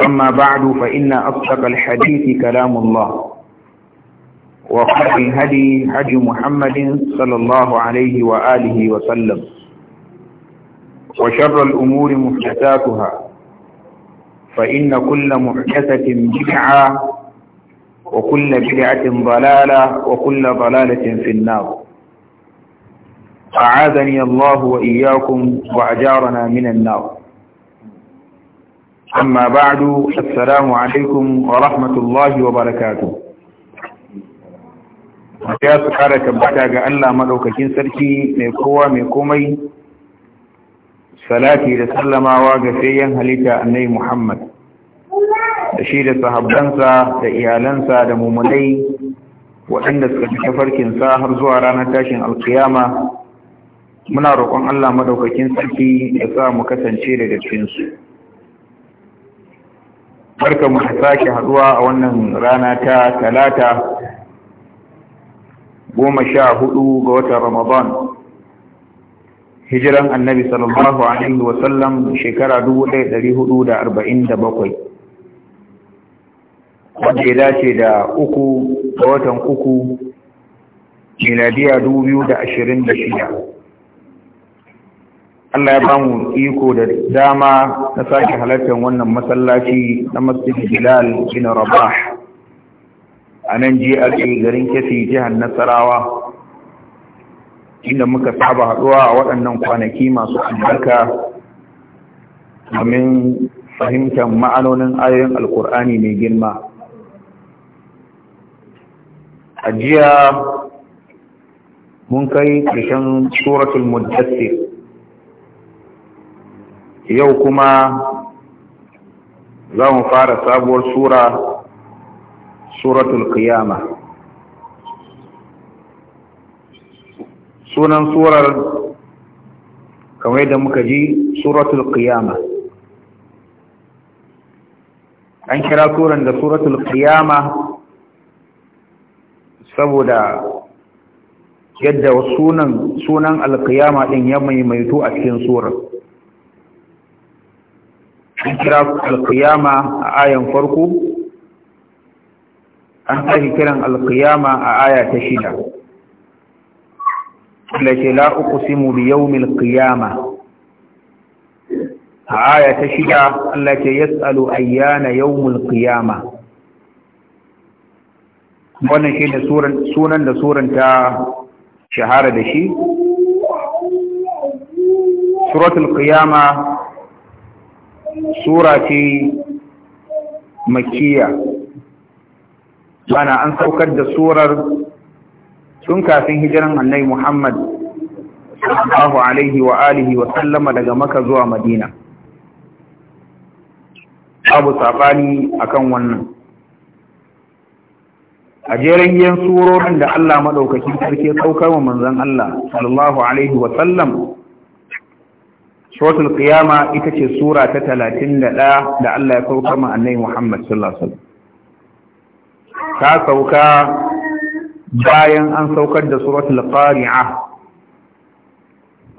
أما بعد فإن أصدق الحديث كلام الله وخير الهدي هدي محمد صلى الله عليه وآله وسلم وشر الأمور محدثاتها فإن كل محدثة بدعة وكل بدعة ضلالة وكل ضلالة في النار أعاذني الله وإياكم وأجارنا من النار أما بعد السلام عليكم ورحمة الله وبركاته ya su kara tabbata ga Allah maɗaukakin sarki mai kowa mai komai salati da sallamawa ga sayan halitta annai Muhammad da shi da sahabbansa da iyalansa da mummunai waɗanda suka fi tafarkinsa har zuwa ranar tashin alkiyama muna roƙon Allah maɗaukakin sarki ya sa mu kasance daga cikinsu. barka mu da sake haduwa a wannan rana ta talata goma sha hudu ga watan ramadan hijiran annabi sallallahu alaihi sallam, shekara dubu ɗaya ɗari hudu da arba'in da bakwai wanda ya dace da uku ga watan uku miladiya dubu biyu da ashirin da shida Allah ya ba mu iko da dama na sake halartar wannan masallaci na Masjid Bilal bin Rabah a nan GRA garin Kefi jihar Nasarawa inda muka saba haɗuwa a waɗannan kwanaki masu albarka domin fahimtar ma'anonin ayoyin Alƙur'ani mai girma. A jiya mun kai ƙarshen suratul Muddassir yau kuma za mu fara sabuwar sura suratul qiyama sunan surar kamar da muka ji suratul qiyama an kira suran da suratul qiyama saboda yadda sunan sunan alqiyama din ya maimaitu a cikin surar an kira alkiyama a ayan farko an sake kiran alkiyama a aya ta shida lace la uqsimu bi yawmil qiyama a aya ta shida Allah ke yas'alu ayyana yaumin qiyama wannan shi ne sunan da suran ta shahara da shi suratul qiyama sura ce makiya bana an saukar da surar tun kafin hijiran annai muhammad sallallahu alaihi wa alihi wa sallama daga maka zuwa madina abu saɓani akan wannan a jerin yan surorin da allah maɗaukaki sarki saukar wa manzan allah sallallahu alaihi wa sallam suratul qiyama ita ce sura ta 31 da Allah ya sauka ma annabi Muhammad sallallahu alaihi ta sauka bayan an saukar da suratul qari'a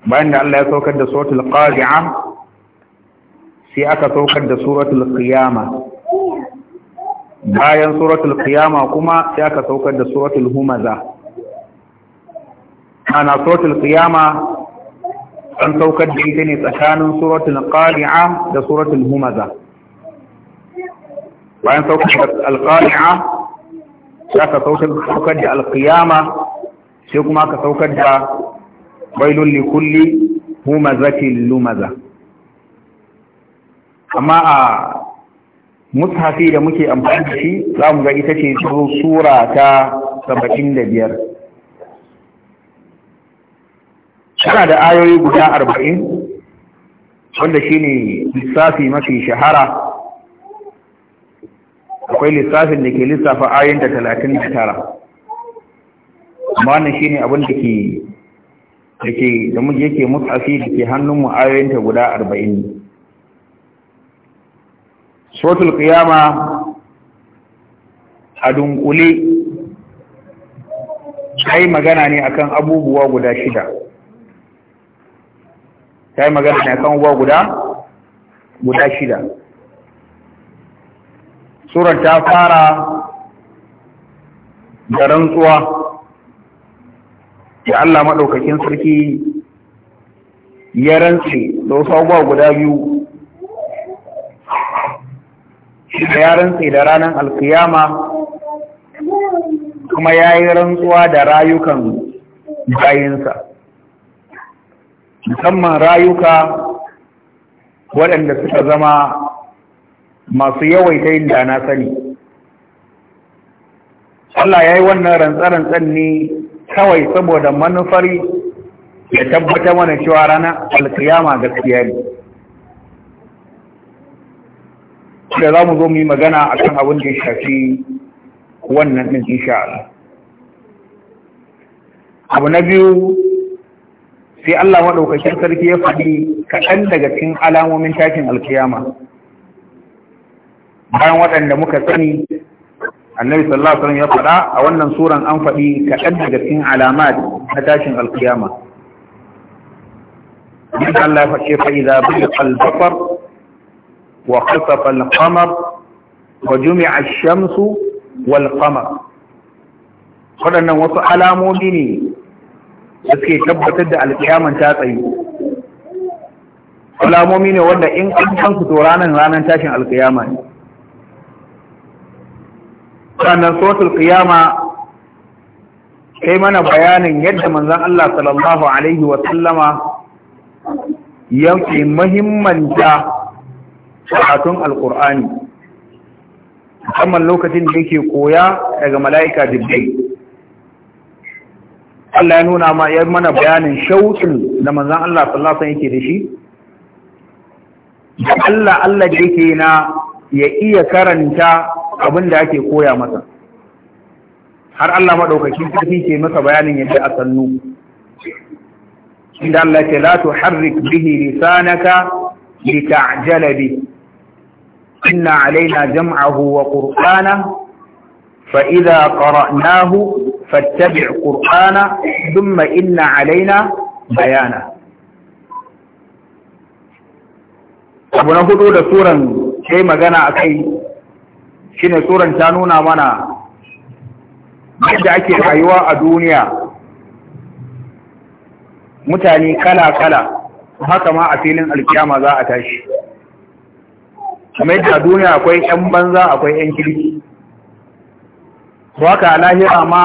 bayan da Allah ya saukar da suratul qari'a sai aka saukar da suratul qiyama bayan suratul qiyama kuma sai aka saukar da suratul humaza ana suratul qiyama an saukar da ita ne tsakanin suratul qari'a da suratul humaza bayan saukar da alqari'a za ka saukar da alqiyama sai kuma ka saukar da bailun li kulli humazatin lumaza amma a mushafi da muke amfani da shi za mu ga ita ce sura ta 75 tana da ayoyi guda arba'in wanda shi ne lissafi mafi shahara akwai lissafin da ke lissafa ayoyin da talatin da tara amma wannan shi ne abin da ke da ke da mu yake mutsafi da ke hannunmu ayoyin ta guda arba'in suratul ƙiyama a dunkule Kai magana ne akan abubuwa guda shida ta yi magana ne kan uwa guda guda shida surar ta fara da rantsuwa da Allah maɗaukakin sarki ya rantse da wasu uba guda biyu shi ya rantse da ranar alkiyama kuma ya yi rantsuwa da rayukan bayinsa musamman rayuka waɗanda suka zama masu yawaita yin da na sani Allah ya yi wannan rantsarantsan ne kawai saboda manufar ya tabbata mana cewa ranar alkiyama gaskiya ne da za mu zo mu yi magana a kan abin da ya shafi wannan ɗin insha abu na biyu sai Allah maɗaukakin sarki ya faɗi kaɗan daga cikin alamomin tashin alkiyama bayan waɗanda muka sani annabi sallallahu alaihi wasallam ya faɗa a wannan suran an faɗi kaɗan daga cikin alamat na tashin alkiyama Bin Allah ya faɗi da al albafar wa kasafa alkamar wa jumi'a shamsu wal kamar waɗannan wasu alamomi ne da suke tabbatar da alƙiyaman ta tsayi alamomi ne wanda in an san to ranar ranar tashin alƙiyama ne sannan suratul kai mana bayanin yadda manzon Allah sallallahu alaihi wa sallama yake muhimmanta karatun alƙur'ani musamman lokacin da yake koya daga mala'ika jibril Allah ya nuna ma ya mana bayanin shautin da manzan Allah sallallahu yake da shi da Allah Allah da yake na ya iya karanta abin da ake koya masa har Allah madaukakin sarki ke masa bayanin yadda a sannu inda Allah ce la tuharrik bihi lisanaka lita'jala bi inna alaina jam'ahu wa qur'ana fa idza qara'nahu fattabi qur'ana thumma inna alaina bayana abu na hudu da suran sai magana a kai shine suran ta nuna mana yadda ake rayuwa a duniya mutane kala-kala haka ma a filin alkiyama za a tashi kamar yadda duniya akwai 'yan banza akwai 'yan kirki su haka lahira ma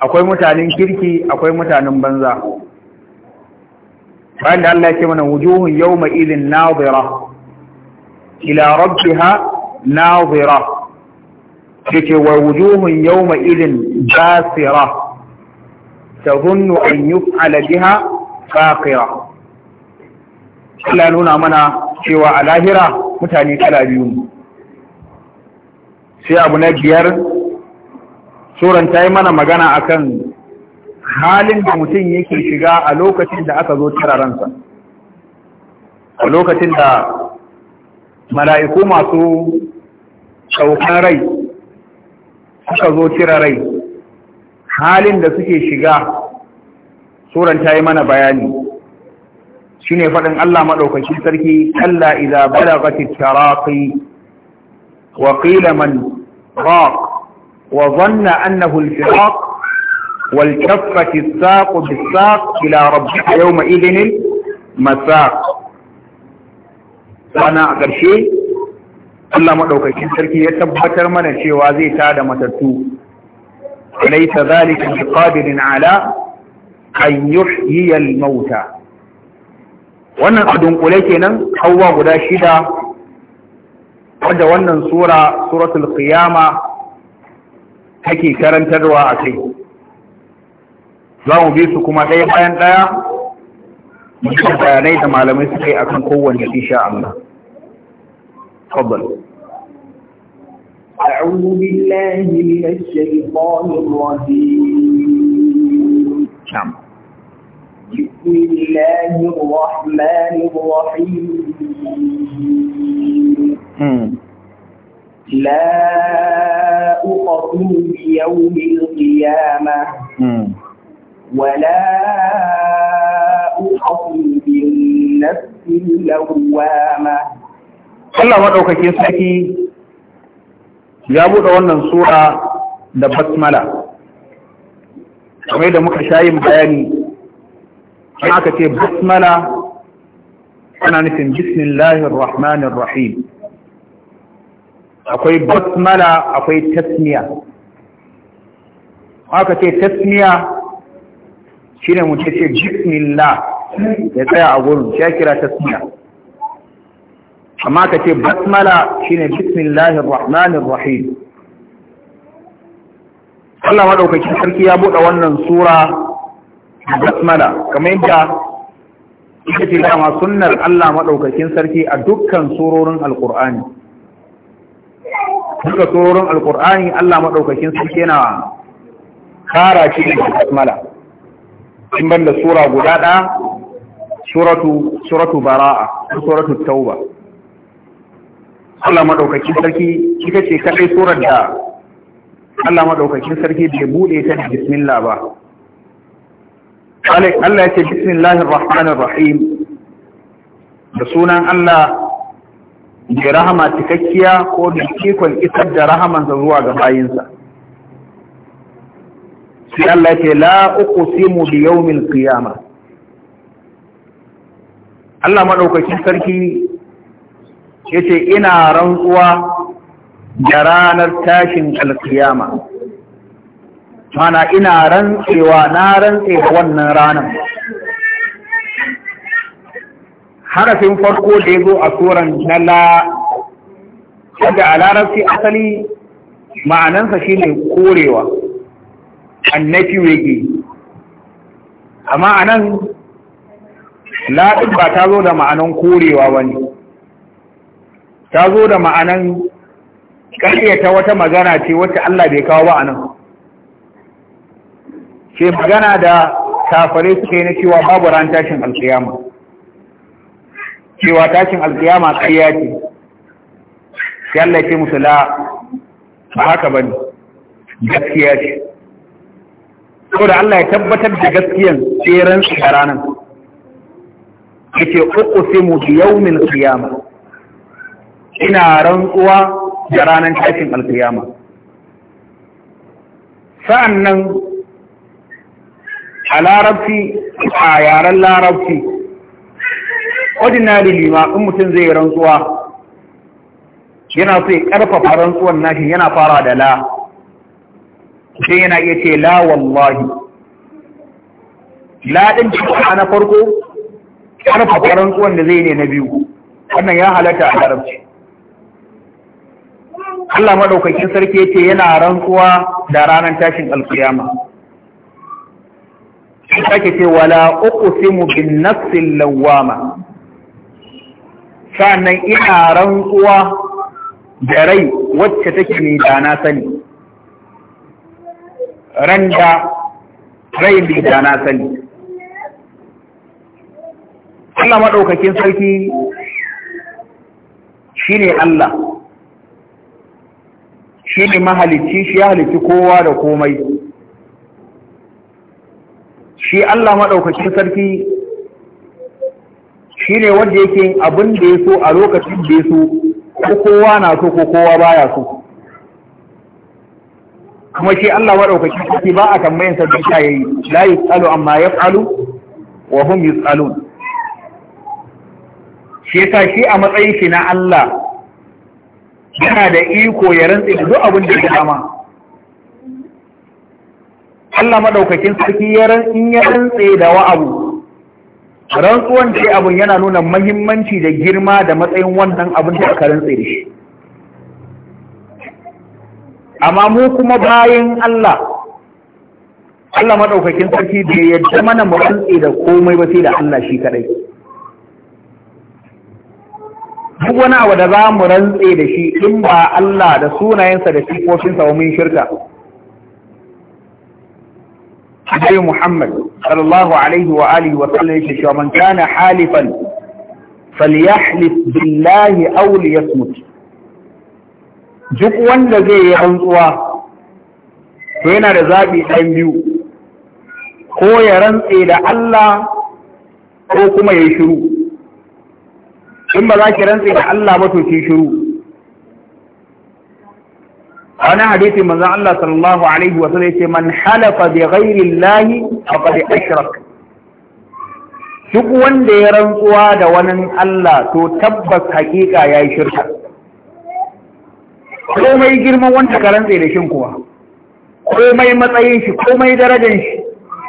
akwai mutanen kirki akwai mutanen banza bayan da Allah ya ce mana wujuhun yawma idin nadira ila rabbiha nadira ce wa wujuhun yawma idin basira tazunnu an yuf'ala biha faqira Allah nuna mana cewa a lahira mutane kala biyu sai abu na biyar suran ta yi mana magana akan halin da mutum yake shiga a lokacin da aka zo tararansa a lokacin da mala'iku masu saukan rai suka zo cire halin da suke shiga suran ta yi mana bayani shi ne faɗin Allah maɗaukaci sarki kalla iza balagati taraqi wa man وظن أنه الفراق والكفة الساق بالساق إلى ربك يومئذ المساق sana a ƙarshe Allah maɗaukacin sarki ya tabbatar mana cewa zai da matattu laisa zalika biqadirin ala an yuhyiya al-mauta wannan a dunkule kenan hawa guda shida wadda wannan sura suratul qiyama take karantarwa a kai za mu bi su kuma ɗaya bayan ɗaya mutum bayanai da malamai su kai akan kan kowanne insha Allah. Fadal. أعوذ بالله من الشيطان الرجيم بسم الله الرحمن الرحيم لا أقسم بيوم القيامة ولا أقسم بالنفس اللوامة Allah maɗaukakin sarki ya buɗe wannan sura da basmala kamar da muka shayin bayani an aka ce basmala ana nufin bismillahir rahmanir rahim akwai basmala akwai tasmiya haka ce tasmiya shi ne mutu ce bismillah ya tsaya a gurin shi ya kira tasmiya amma ka ce basmala shi ne bismillahir rahmanir rahim Allah maɗaukakin sarki ya buɗe wannan sura basmala kamar yadda ita ce dama sunnar Allah maɗaukakin sarki a dukkan Al-Ƙur'ani. duka sororin alkur'ani Allah maɗaukakin su yana kara shi da basmala in ban da sura guda ɗaya suratu suratu bara'a suratu tauba Allah maɗaukakin sarki kika ce kaɗai surar da Allah maɗaukakin sarki bai buɗe ta da bismilla ba Allah ya ce bismillahir rahmanir rahim da sunan Allah mai rahama cikakkiya ko da ikon isar da rahamansa zuwa ga bayinsa sai Allah ce la mu bi yawmil kiyama. Allah maɗaukakin sarki ya ce ina rantsuwa da ranar tashin alkiyama mana ina rantsewa na rantse da wannan ranar harafin farko da ya zo a tsoron na la wadda a larabci asali ma'anansa shi ne korewa annafi wege amma a nan la'adun ba ta zo da ma'anan korewa wani ta zo da ma'anan ƙaryata wata magana ce wacce Allah bai kawo ba a nan ce magana da kafare suke na cewa babu ran tashin alkiyama cewa tashin alkiyama ƙarya ce sai Allah ce musu la ba haka bane gaskiya ce Ko da Allah ya tabbatar da gaskiyan tseren su a ranar sai mu bi min qiyama ina rantsuwa da ranar tashin alkiyama sa'annan a larabci a yaren larabci ordinary lima in mutum zai rantsuwa yana so ya ƙarfafa rantsuwan nashi yana fara da la sai yana iya ce la wallahi la ɗin cikin na farko karfafa rantsuwan da zai ne na biyu wannan ya halatta a larabci Allah maɗaukakin sarki ce yana rantsuwa da ranar tashin alkiyama. sai sake ce wala uqsimu bin nafsil lawwama sa’an ina rantsuwa da rai wacce take da na sani ran da rai da na sani Allah maɗaukakin sarki shi ne Allah shi ne mahalicci shi ya halicci kowa da komai shi Allah maɗaukakin sarki shine wanda yake yin abin da ya so a lokacin da ya so ko kowa na so ko kowa baya so kuma shi Allah madaukakin sarki ba a tambayin sa da yayi la yusalu amma yaf'alu wa hum yusalun shi ta shi a matsayin shi na Allah yana da iko ya rantse da duk abin da ya dama Allah madaukakin sarki ya rantse da wa'abu rantsuwan da abin yana nuna mahimmanci da girma da matsayin wannan abin da aka rantse da shi amma mu kuma bayan Allah Allah maɗaukakin sarki bai yadda mana mu rantse da komai ba sai da Allah shi kaɗai duk wani abu da za mu rantse da shi in ba Allah da sunayensa da sifofinsa wa mun shirka Annabi Muhammad sallallahu alaihi wa alihi wa sallam yake cewa man kana halifan falyahlif billahi aw liyasmut duk wanda zai yi rantsuwa to yana da zabi ɗayan biyu ko ya rantse da Allah ko kuma ya shiru in ba za ki rantse da Allah ba to ki shiru a wani hadisi manzon Allah sallallahu alaihi wa sallam yace man halafa bi ghairi llahi faqad ashrak duk wanda ya rantsuwa da wani Allah to tabbas hakika yayi shirka komai girman wanda ka rantsa da shin kuwa komai matsayin shi komai darajar shi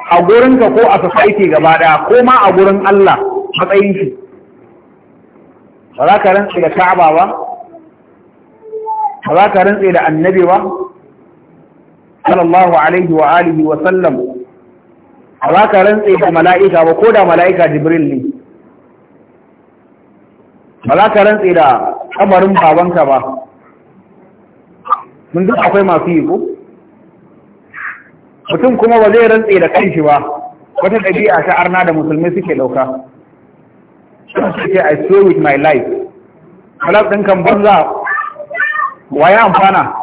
a gurinka ko a society gaba daya ko ma a gurin Allah matsayin shi ba za ka rantsa da Ka'aba ba ba za ka rantse da annabi ba sallallahu alaihi wa alihi wa sallam ba za ka rantse da mala'ika ba ko da mala'ika jibril ne ba za ka rantse da kamarin babanka ba mun duk akwai masu yi ko mutum kuma ba zai rantse da kanshi ba wata ɗabi'a ta arna da musulmi suke ɗauka sun ce i swear with my life halaf ɗin kan banza Wa ya amfana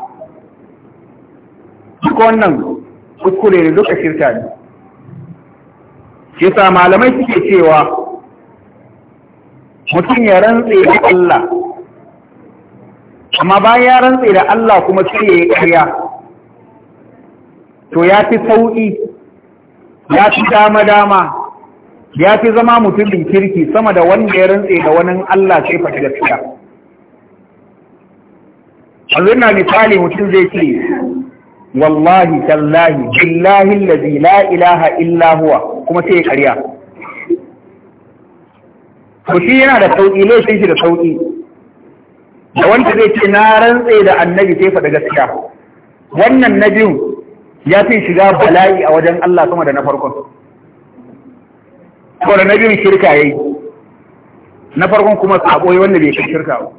duk wannan kuskure ne duka shirka ne shi sa malamai suke cewa mutum ya rantse da Allah amma bayan ya rantse da Allah kuma sai ya yi ƙarya to ya fi sauƙi ya fi dama-dama ya fi zama mutumin kirki sama da wanda ya rantse da wani Allah sai fata gaskiya yanzu na misali mutum zai ce wallahi tallahi billahi lazi la ilaha illa huwa kuma sai ya karya shi yana da sauƙi, laifin shi da sauƙi. da wanda zai ce na rantse da annabi sai faɗa gaskiya wannan na biyu ya fi shiga bala'i a wajen Allah sama da na farkon ko da na biyun shirka yayi na farkon kuma sabo wanda bai shirka ba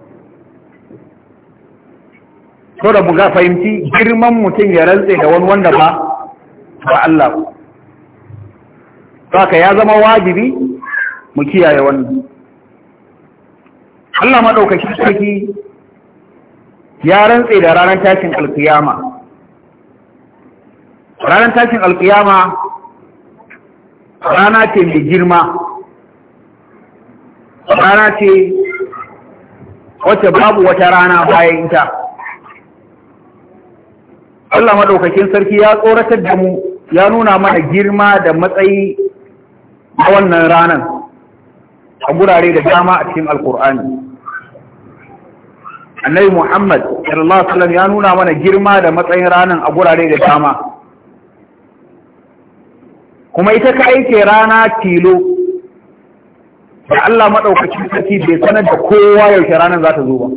so da buga fahimci girman mutum ya rantse da wani wanda ba ba Allah ba ka ya zama wajibi mu kiyaye wannan Allah madaukakin sarki ya rantse da ranar tashin alkiyama ranar tashin alkiyama rana ce mai girma rana ce wacce babu wata rana bayan ita Allah maɗaukakin sarki ya tsoratar da mu ya nuna mana girma da matsayi a wannan ranar a gurare da dama a cikin alkur'ani annabi muhammad sallallahu alaihi wasallam ya nuna mana girma da matsayin ranar a gurare da dama kuma ita ka aike rana tilo da Allah maɗaukakin sarki bai sanar da kowa yaushe ranar za ta zo ba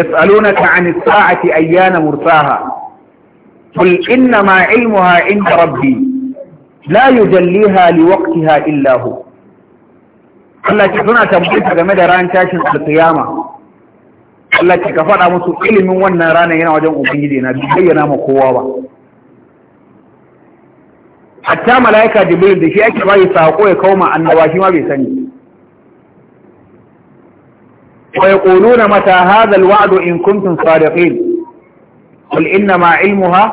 يسألونك عن الساعة أيان مرساها قل إنما علمها عند ربي لا يجليها لوقتها إلا هو الله تكون تبقيتها مدى ران تاشن القيامة الله تكفر أمسو من وانا رانا هنا وجم أبيدنا بيينا مقوابا حتى ملايكة جبريل دي شيء أكبر يساقوه كوما أن واشي ما بيساني wa yaquluna mata hadha alwa'd in kuntum sadiqin qul inna ma ilmuha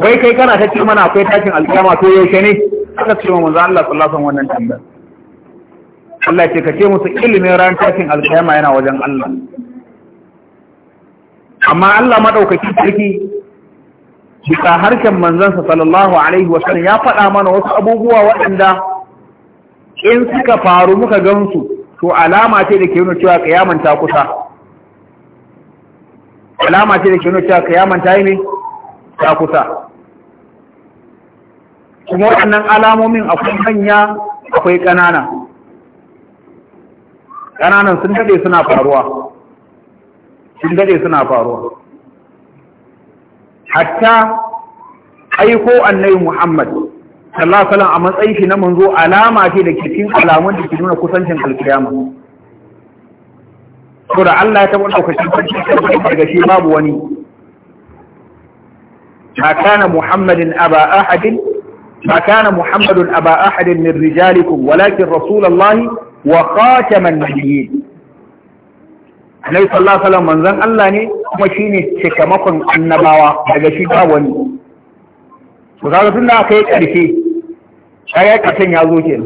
wai kai kana ta ce mana akwai tashin alkiyama to yaushe ne aka ce manzo Allah sallallahu alaihi wasallam wannan tambaya Allah ce ka ce musu ilimin ran tashin alkiyama yana wajen Allah amma Allah madaukaki sarki bisa harshen manzansa sallallahu alaihi wasallam ya faɗa mana wasu abubuwa waɗanda in suka faru muka gansu to alama ce da ke nuna cewa kiyaman ta kusa alama ce da ke nuna cewa kiyaman ta yi ne ta kusa kuma waɗannan alamomin akwai manya akwai ƙanana ƙananan sun daɗe suna faruwa sun daɗe suna faruwa hatta aiko annabi Muhammad sallallahu alaihi a matsayin shi na manzo alama ce da ke cikin alamun da ke nuna kusancin alkiyama to da Allah ya taɓa ɗaukacin sarki daga shi babu wani ma kana muhammadin aba ahadin ma kana muhammadun aba ahadin min rijalikum walakin rasulullahi wa khataman nabiyyin Annabi sallallahu alaihi wasallam manzon Allah ne kuma shine cikamakon annabawa daga shi babu wani to kaga da aka yi ƙarfi shari'a ƙarshen ya zo ke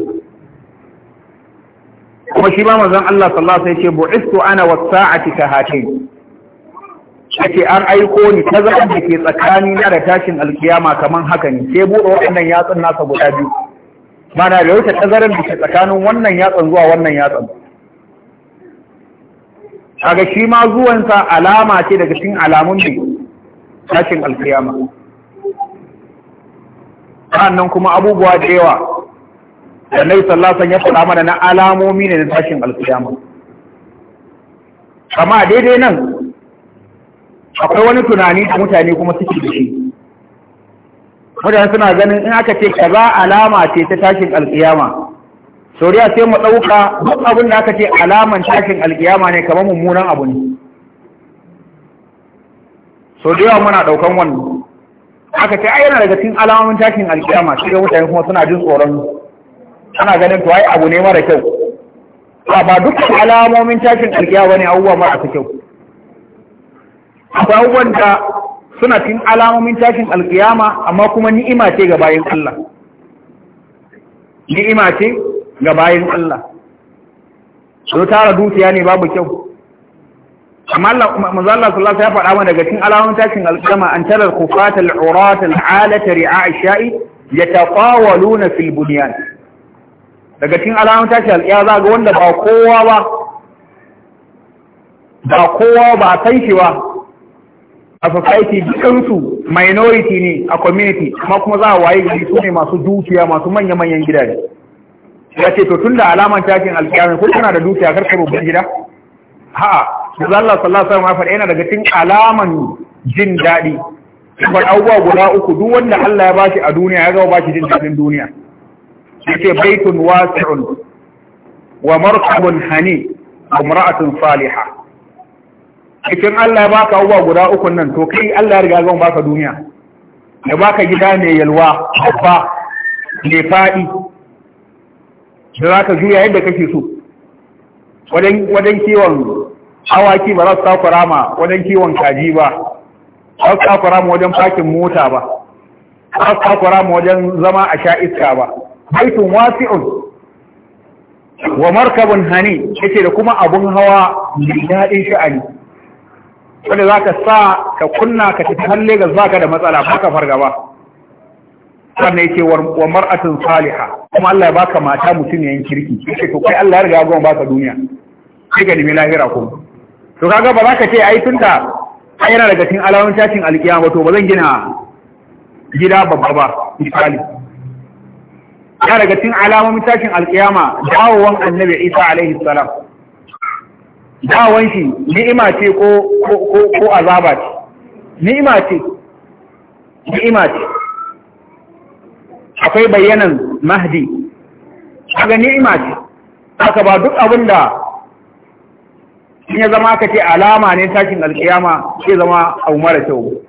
kuma shi ma mazan Allah sallallahu sai ce bu'istu ana wa saati kahatayn ake an aiko ni ta zaɓin da ke tsakani na da tashin alkiyama kamar haka ne sai buɗe waɗannan yatsun nasa guda biyu mana da wuce tazarar da ke tsakanin wannan yatsun zuwa wannan yatsun kaga shi ma zuwansa alama ce daga cikin alamun ne tashin alkiyama nan kuma abubuwa da yawa da nai sallasan ya faɗa mana na alamomi ne na tashin alƙiyama. kama daidai nan akwai wani tunani da mutane kuma suke da shi mutane suna ganin in aka ce kaza alama ce ta tashin alƙiyama. sauriya sai mu ɗauka duk abin da aka ce alaman tashin alƙiyama ne kamar mummunan abu ne sau da yawa muna ɗaukan wannan aka ce yana daga cikin alamomin tashin alkiyama shi ga mutane kuma suna jin tsoron ana ganin to ai abu ne mara kyau ba ba dukkan alamomin tashin alkiyama bane abubuwa marasa kyau akwai abubuwan da suna cikin alamomin tashin alkiyama amma kuma ni'ima ce ga bayin Allah ni'ima ce ga bayin Allah su tara dukiya ne babu kyau amma Allah manzo Allah sallallahu alaihi wasallam ya faɗa daga cikin alamun tashin alƙiyama an tarar kufat al-urat al-alata ri'a ash-sha'i yataqawaluna fil bunyan daga cikin alamun tashin alƙiyama za ga wanda ba kowa ba ba kowa ba san shi ba a society dukansu minority ne a community amma kuma za a waye gari su ne masu dukiya masu manya-manyan gidaje ya ce to tun da alamar tashin alƙiyama ko kana da dukiya karkar ban gida ha da Allah sallallahu alaihi wasallam yana daga cikin alaman jin dadi kamar abubuwa guda uku duk wanda Allah ya bashi a duniya ya gaba bashi jin dadin duniya yake baitun wasi'un wa markabun hani wa imra'atun salihah idan Allah ya baka abubuwa guda uku nan to kai Allah ya riga gaba baka duniya ya baka gida mai yalwa babba mai fadi da zaka juya yadda kake so wadan kiwon awaki ba za su takura ma wadan kiwon kaji ba ba su takura rama wajen fakin mota ba ba su takura ma wajen zama a sha iska ba baitun wasi'un wa markabun hani yake da kuma abun hawa mai daɗin sha'ani wanda za ka sa ka kunna ka ci halle ga zaka da matsala ba ka fargaba sannan yake wa mar'atin saliha kuma Allah ya baka mata mutum yayin kirki yake to kai Allah ya riga ya baka duniya sai ka nemi lahira kuma to kaga ba za ka ce ai tunda ai yana daga cikin alamun tashin alkiyama to ba zan gina gida babba ba misali ya daga cikin alamomin tashin alkiyama dawowan annabi isa alaihi salam dawon shi ni'ima ce ko ko ko azaba ce ni'ima ce ni'ima ce akwai bayanan mahdi kaga ni'ima ce haka ba duk abin da. in ya zama ka ce alama ne tashin alkiyama zai zama abu mara kyau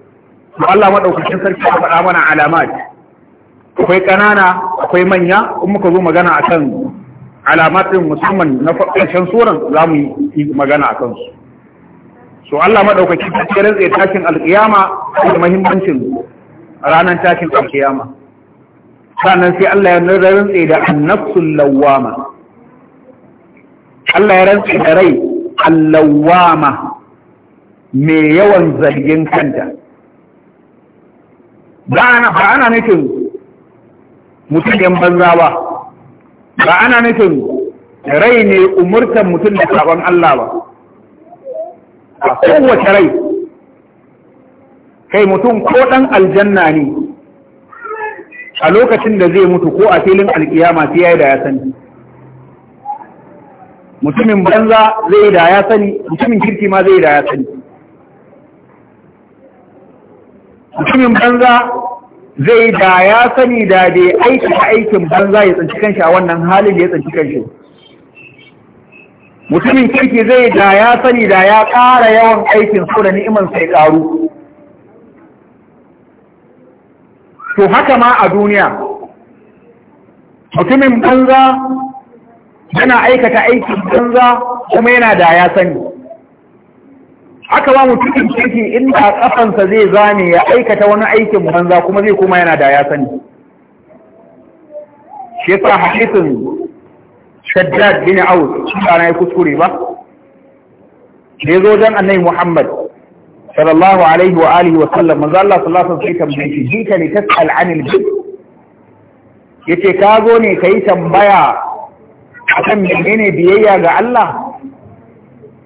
Ba Allah madaukakin sarki ya faɗa mana alamat akwai ƙanana akwai manya in muka zo magana akan alamat din musamman na ƙarshen suran za mu yi magana akan su so Allah madaukakin sarki ya rantsa tashin alkiyama da muhimmancin ranar tashin alkiyama sannan sai Allah ya rantsa da annafsul lawama Allah ya rantsa da rai allawama mai yawan zargin kanta ba ana nufin mutum yan banza ba ba ana nufin rai ne umurtan mutum da sabon Allah ba a kowace rai kai mutum ko ɗan aljanna ne a lokacin da zai mutu ko a filin alkiyama sai ya da ya sani mutumin banza zai da ya sani mutumin kirki ma zai da ya sani mutumin banza zai da ya sani da bai aiki a aikin banza ya tsinci kanshi a wannan halin da ya tsinci kanshi mutumin kirki zai da ya sani da ya ƙara yawan aikin so da ni'iman sai ƙaru to haka ma a duniya mutumin banza yana aikata aikin banza kuma yana da ya sani aka ba mutumin kirki inda kafansa zai zane ya aikata wani aikin banza kuma zai kuma yana da ya sani shi yasa hadisin shaddad bin aus ana yi kuskure ba da ya zo don annai muhammad sallallahu alaihi wa alihi wa sallam manzo Allah sallallahu alaihi wa sallam sai tambaye shi jita ne tas'al anil bi yace ka zo ne kai tambaya akan menene biyayya ga Allah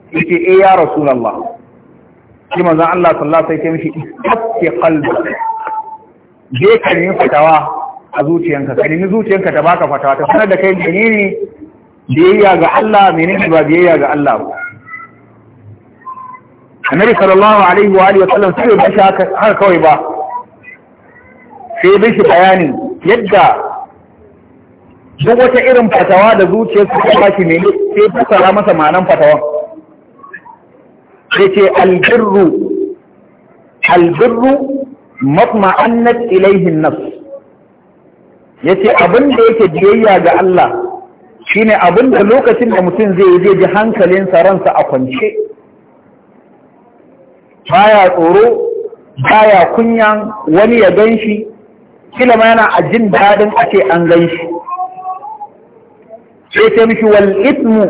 yace eh ya rasulullah shi manzon Allah sallallahu alaihi wasallam shi istafi qalbi je ka nemi fatawa a zuciyanka ka nemi zuciyanka ta baka fatawa ta sanar da kai menene biyayya ga Allah menene ba biyayya ga Allah ba Annabi sallallahu alaihi wa alihi wasallam sai bai shi haka kawai ba sai bai shi bayani yadda duk wata irin fatawa da zuciya su bashi shi ne sai fassara masa ma'anan fatawa sai ce albirru albirru matma'annat ilaihin nas yace abin da yake biyayya ga Allah shine abin da lokacin da mutum zai zai ji hankalinsa ransa a kwance baya tsoro baya kunyan wani ya ganshi kila ma yana a jin dadin a ce an ganshi sai ta mishi wal ismu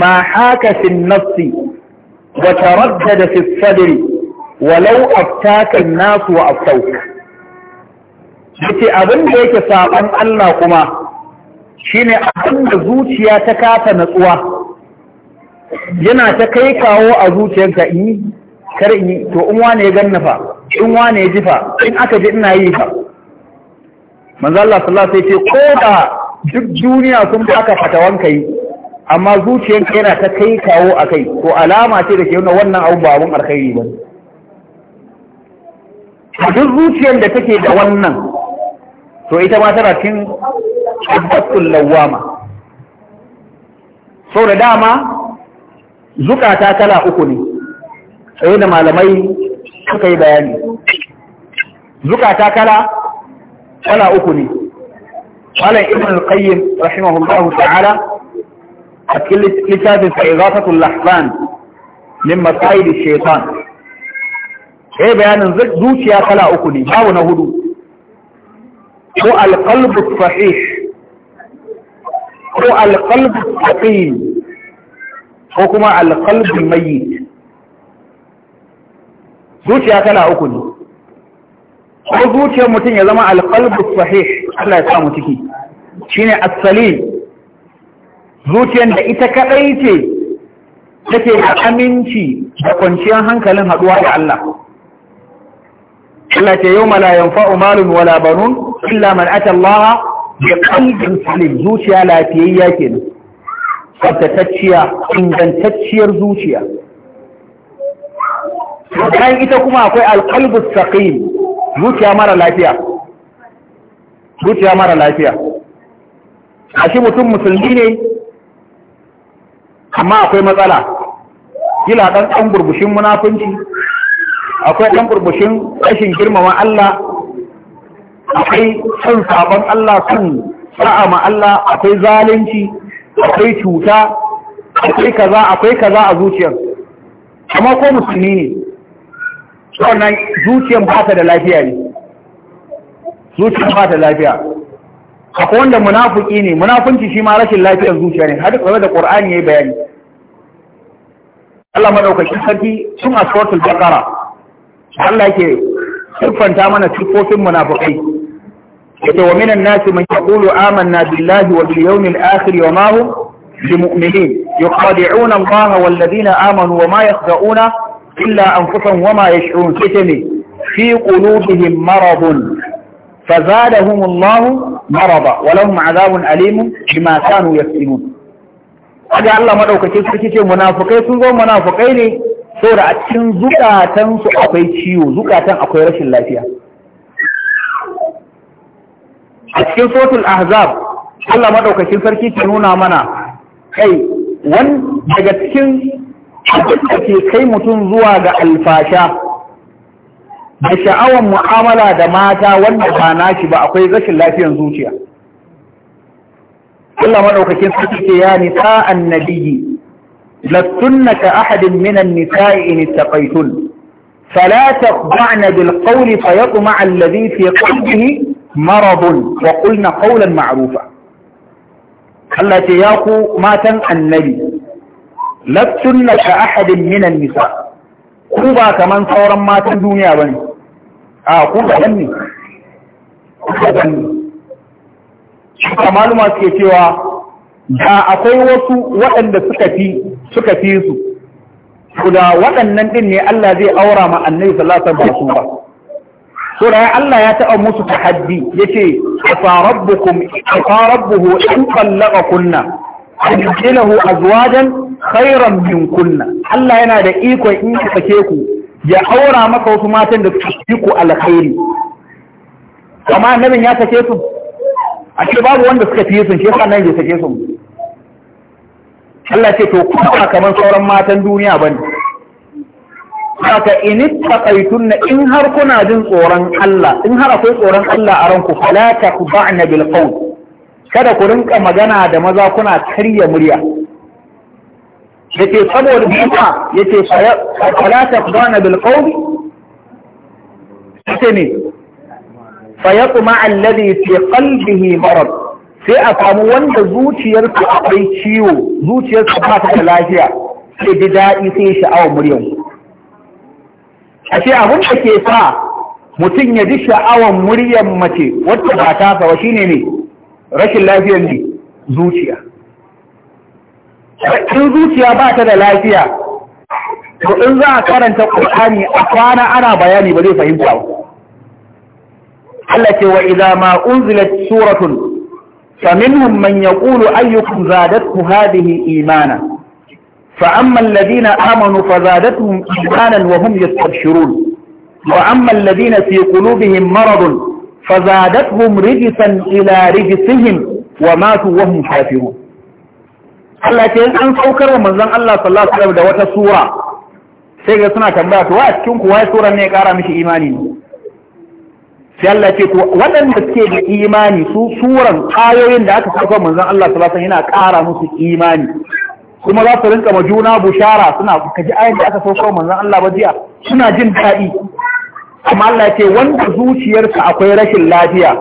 ma haka fin nafsi wa taraddada fi sadri walau aftaka nasu wa aftau yace abin da yake saban Allah kuma shine abin da zuciya ta kafa natsuwa yana ta kai kawo a zuciyarka in kar in to in wane ya ganna fa in wane ya jifa in aka ji ina yi fa manzo Allah sallallahu alaihi wasallam sai ce ko da duk duniya sun ba aka fatawan kai amma zuciyarka yana ta kai kawo a kai ko alama ce da ke nuna wannan abu alkhairi ba a duk zuciyar da take da wannan to ita ma tana cin abbatul lawama sau da dama zukata kala uku ne tsaye da malamai suka yi bayani zukata kala kala uku ne قال ابن القيم رحمه الله تعالى أكل كتاب اضافه اللحظان من مصائد الشيطان ايه بيان زوجيا فلا أكني هاو نهدو هو القلب الصحيح هو القلب السقيم هو كما القلب الميت دوش يا خلا ne ko zuciyar mutum ya zama alƙalbus sahih Allah ya samu ciki shine asali zuciyar da ita kadai ce take da aminci da kwanciyar hankalin haɗuwa da Allah Allah ce yau la yanfa'u malun wala banun illa man ata Allah bi qalbin salim zuciya lafiyayya kenan tsaftatacciya ingantacciyar zuciya bayan ita kuma akwai alƙalbus saqim zuciya mara lafiya zuciya mara lafiya a shi mutum musulmi ne amma akwai matsala Gila ɗan ɗan burbushin munafunci akwai ɗan burbushin rashin girmama Allah akwai son sabon Allah sun sa'a ma Allah akwai zalunci akwai cuta akwai kaza akwai kaza a zuciyar amma ko musulmi ne wannan zuciyar ba ta da lafiya ne zuciyar ba ta lafiya akwai wanda munafuki ne munafunci shi ma rashin lafiyar zuciya ne hadis da ya yi bayani Allah madaukakin sarki sun a suratul baqara Allah ke siffanta mana sifofin munafukai yake wa minan nasi man yaqulu amanna billahi wa bil yawmil akhir wa ma hum بمؤمنين يخادعون الله والذين آمنوا وما يخدعون illa an anfusahum wama yash'urun kace ne fi fa qulubihim maradun fazadahum Allah marada wa alimun azabun alim bima kanu yaftinun kaga Allah madaukake sarki ce munafukai sun zo munafukai ne So da a cikin zukatansu akwai ciwo zukatan akwai rashin lafiya a cikin sotul ahzab Allah madaukakin sarki ta nuna mana kai wani daga cikin da ke kai mutum zuwa ga alfasha da sha'awar mu'amala da mata wanda ba nashi ba akwai rashin lafiyar zuciya Allah madaukakin sarki ce ya nisa annabiyyi lastunna ka ahadin minan nisa'i in ittaqaytun فلا تخضعن بالقول فيطمع الذي في maradun, مرض وقلن قولا معروفا Allah ce ya ku matan annabi lattunna ka ahadin minan nisa ku ba kaman sauran matan duniya ne, a ku da ne ku da ne shi maluma suke cewa da akwai wasu waɗanda suka fi su to da waɗannan ɗin ne Allah zai aura ma annabi sallallahu alaihi su ba so da Allah ya taɓa musu tahaddi yace afa rabbukum afa rabbuhu in kunna an yajilahu azwajan khairan min kunna Allah yana da ikon in ya sake ku ya aura maka wasu matan da suke ku alkhairi amma annabin ya sake su a ce babu wanda suka fiye sun shi nan ya sake su Allah ce to ku ba kamar sauran matan duniya bane haka in taqaytunna in har kuna jin tsoron Allah in har akwai tsoron Allah a ranku fala ba'na bil qawl kada ku rinka magana da maza kuna karya murya Yake saboda bid'a yace fala taqdana bil qawl yace ne fa yaqma alladhi fi qalbihi marad sai a samu wanda zuciyarsa akwai ciwo zuciyarsa ba ta da lafiya sai bi daɗi sai sha'awar muryan ashe abin da ke sa mutum ya ji sha'awar muryan mace wacce ba ta sawa shine ne rashin lafiyar ne zuciya in zuciya ba ta da lafiya to in za a karanta ƙur'ani a kwana ana bayani ba zai fahimta ba Allah ce wa idza ma unzilat suratun faminhum man yaqulu ayyukum zadatku hadhihi imana فأما الذين آمنوا فزادتهم إيمانا وهم يستبشرون وأما الذين في قلوبهم مرض فزادتهم رجسا إلى رجسهم وماتوا وهم كافرون Allah ce an saukar wa manzon Allah sallallahu alaihi da wata sura sai ga suna tambaya to wa cikin ku wai suran ne ya kara miki imani ne sai Allah ce ku waɗanda suke da imani su suran ayoyin da aka saukar manzon Allah sallallahu alaihi yana kara musu imani kuma za su rinka ma juna bushara suna kaji ayin da aka saukar manzon Allah ba jiya suna jin daɗi amma Allah ce wanda zuciyarsa akwai rashin lafiya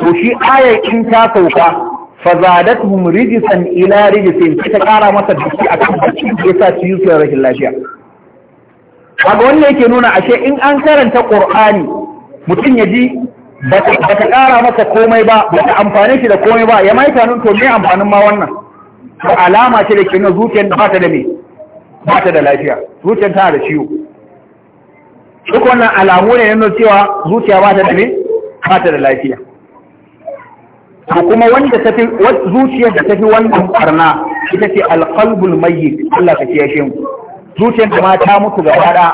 to shi ayoyin in ta sauka Fazadat fazadathum rijsan ila rijisin sai ta kara masa duki ya sa su yi su rashin lafiya kaga wannan yake nuna ashe in an karanta qur'ani mutum ya ji ba ta kara masa komai ba ba ta amfane shi da komai ba ya mai tanun to me amfanin ma wannan Ba alama ce da ke nuna zuciyar ba ta da me ba ta da lafiya zuciyar ta da ciwo duk wannan alamu ne na cewa zuciya ba ta da me ba ta da lafiya ko kuma wanda ta fi, zuciyar da fi wannan barna ita ce alqalbul mayyit Allah ta kiyashe mu zuciyar da ma ta mutu gaba da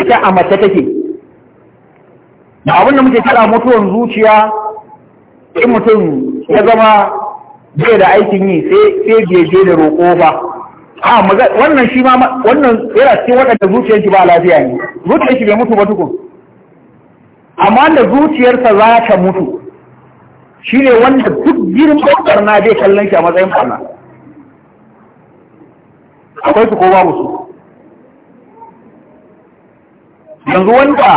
ita a mace take da abin da muke kira mutuwar zuciya in mutum ya zama bai da aikin yi sai je da roƙo ba a wannan shi ma wannan yana cikin waɗanda zuciyar shi ba lafiya ne zuciyar shi bai mutu ba tukun amma da zuciyarsa za ta mutu shi ne wanda duk girman na zai kallon shi a matsayin barna akwai su ko babu su yanzu wanda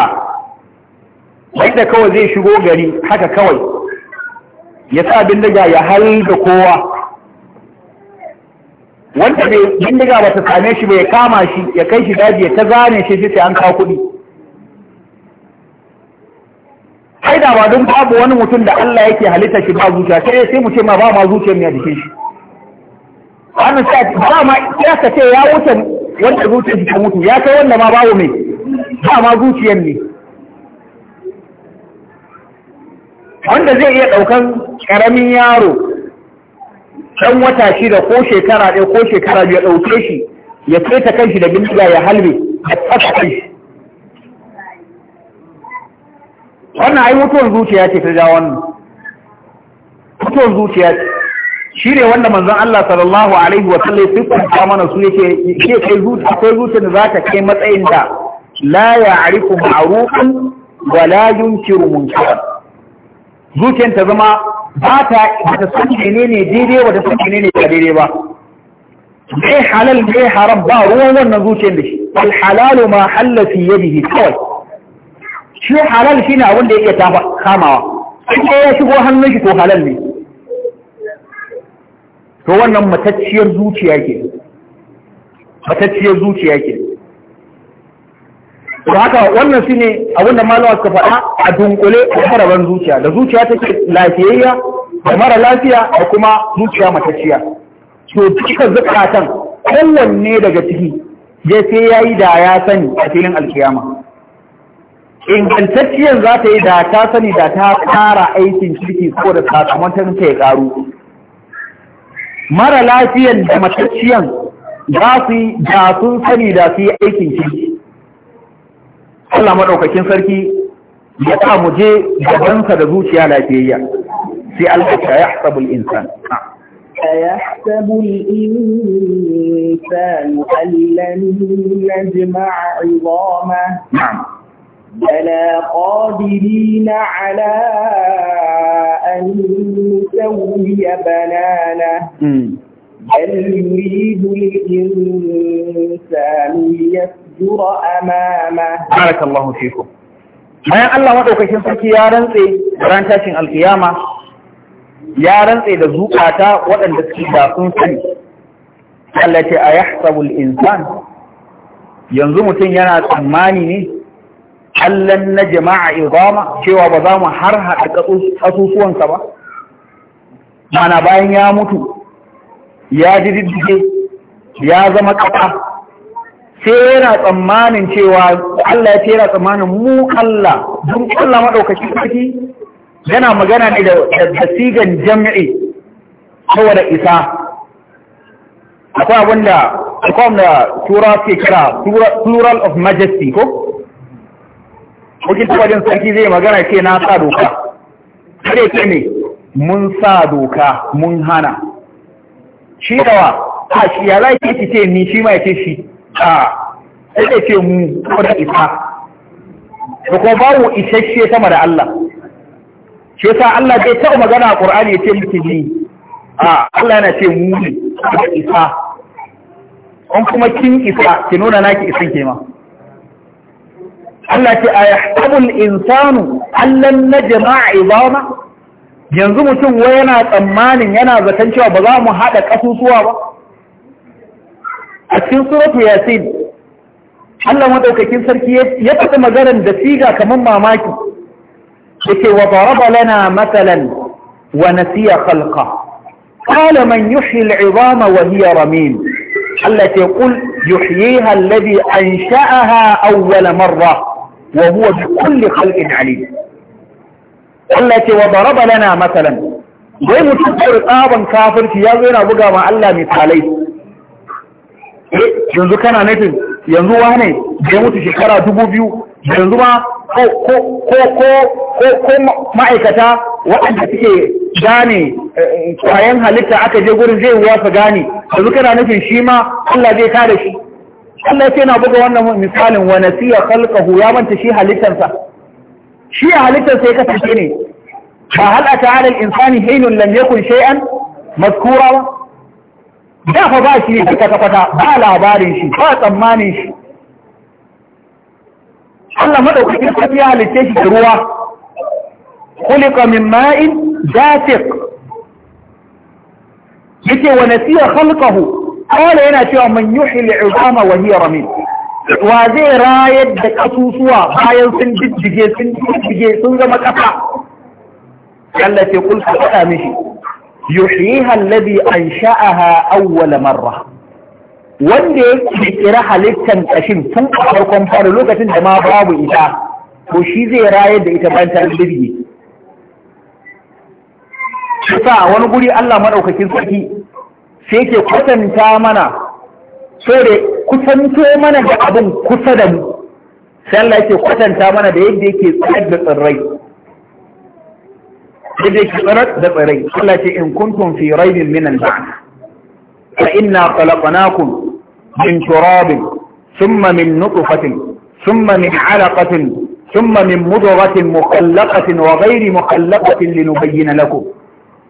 bai da kawai zai shigo gari haka kawai ya sa bindiga ya halga kowa wanda bindiga ba ta same shi ba ya kama shi ya kai shi daji ya ta zane shi sai an kawo kuɗi ai da ba don babu wani mutum da Allah yake halitta shi ba zuciya sai sai mu ce ma ba ma zuciyar ne a jikin shi wannan sai ba ma ya ka ce ya wuce wanda zuciyar shi ta mutu ya kai wanda ma babu mai ba ma zuciyar ne wanda zai iya daukan karamin yaro dan wata shida ko shekara ɗaya ko shekara biyu ya dauke shi ya kai ta kanshi da bindiga ya halbe a tsakanin shi wannan ai mutuwar zuciya ce ta ja wannan mutuwar zuciya ce shi ne wanda manzan Allah sallallahu alaihi wa sallam sai kwanta mana su yake ke kai zuciya zuciya da za ta kai matsayin da la ya ya'rifu ma'rufan wa la yunkiru munkaran zuciyar ta zama ba ta ta san menene daidai ba ta san menene ba daidai ba me halal me haram ba ruwan wannan zuciyar da shi al halalu ma halla fi yadihi kawai shi halal shi ne abin da tafa kamawa in ya shigo hannun shi to halal ne to wannan matacciyar zuciya ke matacciyar zuciya ke to haka wannan shi ne abin da malama suka faɗa a dunkule a karaban zuciya da zuciya take lafiyayya da mara lafiya da kuma zuciya matacciya to duka zukatan kowanne daga ciki ya sai ya yi da ya sani a filin alkiyama ingantacciyar za ta yi da ta sani da ta ƙara aikin kirki ko da sakamakon ta ya ƙaru mara lafiyan da matacciyan za su yi da sun sani da su yi aikin kirki Allah maɗaukakin sarki ya sa mu je gabansa da zuciya lafiyayya sai Allah ya haɗabul insan أيحسب الإنسان أن لن يجمع عظامه بلى قادرين على أن نسوي بنانه بل يريد الإنسان ليفجر أمامه بارك الله فيكم bayan Allah maɗaukakin sarki ya rantse ran tashin alkiyama ya rantse da zukata waɗanda suke da sun sani Allah ce a yahsabul insan yanzu mutum yana tsammani ne allan na jama'a idama cewa ba za mu har haɗa ƙasusuwansa ba mana bayan ya mutu ya ji diddige ya zama ƙasa sai yana tsammanin cewa Allah ya ce yana tsammanin mu Allah don Allah maɗaukaki sarki yana magana ne da tasigan jami'i saboda isa akwai abinda akwai wanda tura suke kira plural of majesty ko mukin tabbatin sarki zai magana ce na sa doka kare ce ne mun sa doka mun hana shi dawa a shi ya za ki ce ni shi ma ya ce shi a ya ce mu da isa da kuma babu isasshe sama da Allah shi yasa Allah zai taɓa magana a ƙur'ani ya ce miki ni a Allah yana ce mu ne da isa An kuma kin isa ki nuna naki isin ke ma Allah ce a yahtabul insanu allan najma idama yanzu mutum wai yana tsammanin yana zaton cewa ba za mu haɗa ƙasusuwa ba a cikin suratu yasin Allah madaukakin sarki ya faɗi maganar da siga kamar mamaki yake wa daraba lana matsalan wa nasiya khalqa qala man yuhyi al'idama wa hiya ramin Allah ce qul yuhyiha alladhi ansha'aha awwala marra wa huwa bi kulli khalqin alim Allah ce wa daraba lana masalan mutum da tsaban kafirci ya zo yana buga ma Allah misalai eh, yanzu kana nufin yanzu wane ya mutu shekara dubu biyu yanzu ma ko ma'aikata waɗanda suke gane eh, kwayan halitta aka je gurin zai wuwa su gane yanzu kana nufin shi ma Allah zai kare shi Allah ya yana buga wannan misalin wa nasiya khalqahu ya manta shi halittarsa shi halittarsa ya kasance ne fa hal ata'ala al-insani hinun lam yakun shay'an mazkura ba da fa ba shi kwata kwata ba labarin shi ba tsammanin shi Allah madaukakin sarki ya halitta shi da ruwa khuliqa min ma'in dafiq yace wa nasiya khalqahu kawai yana cewa man yuhi al'izama wa hiya ramin wa zai rayar da ƙasusuwa bayan sun jijjige sun jijjige sun zama kafa Allah ce kul ka faɗa mishi yuhiha alladhi ansha'aha awwala marra wanda ya kirkira halittar ƙashin tun a farkon fara lokacin da ma babu ita ko shi zai rayar da ita bayan ta jirgi sa wani guri Allah maɗaukakin sarki sai ke kwatanta mana so da kusanto mana da abin kusa da mu sai Allah yake kwatanta mana da yadda yake tsayar da tsirrai yadda yake tsayar da tsirrai Allah ce in kuntum fi raibin min al-ba'd fa inna khalaqnakum min turabin thumma min nutfatin thumma min 'alaqatin ثم من مضغة مخلقة وغير مخلقة لنبين لكم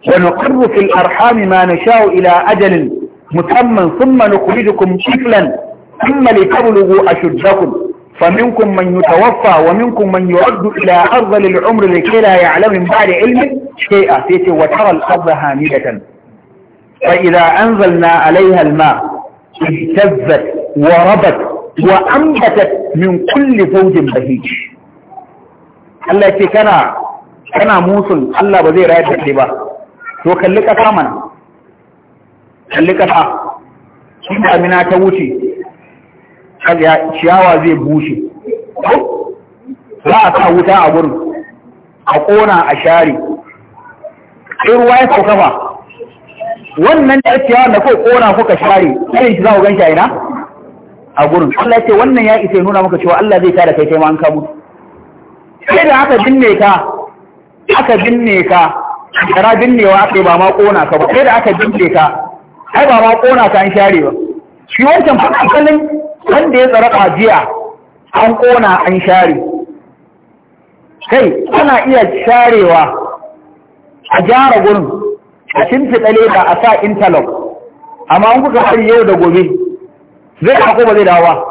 ونقر في الأرحام ما نشاء إلى أجل مسمى ثم نخرجكم طفلا ثم لتبلغوا أشدكم فمنكم من يتوفى ومنكم من يرد إلى أرض للعمر لكي لا يعلم من بعد علم شيئا وترى الأرض هامدة فإذا أنزلنا عليها الماء اهتزت وربت وأنبتت من كل زوج بهيج التي ce kana kana الله Allah آية zai to kalli ƙasa mana kalli ƙasa sun damina ta wuce ciyawa zai bushe za a sa wuta a gurin a ƙona a share sai ruwa ya sauka ba wannan da ciyawa da kai ƙona kuka share irin shi za ku ganshi a ina a gurin Allah ya ce wannan ya isa nuna maka cewa Allah zai tada kai kai ma an kamu sai da aka binne ka aka binne ka kara binnewa aka yi ba ma ƙona ka ba sai da aka binne ka ai ba ma ƙona ka an share ba shi wancan fa wanda ya tsara ajiya an ƙona an share kai ana iya sharewa a gyara gurin a shimfiɗa leda a sa interlock amma an kuka har yau da gobe zai hako ba zai dawa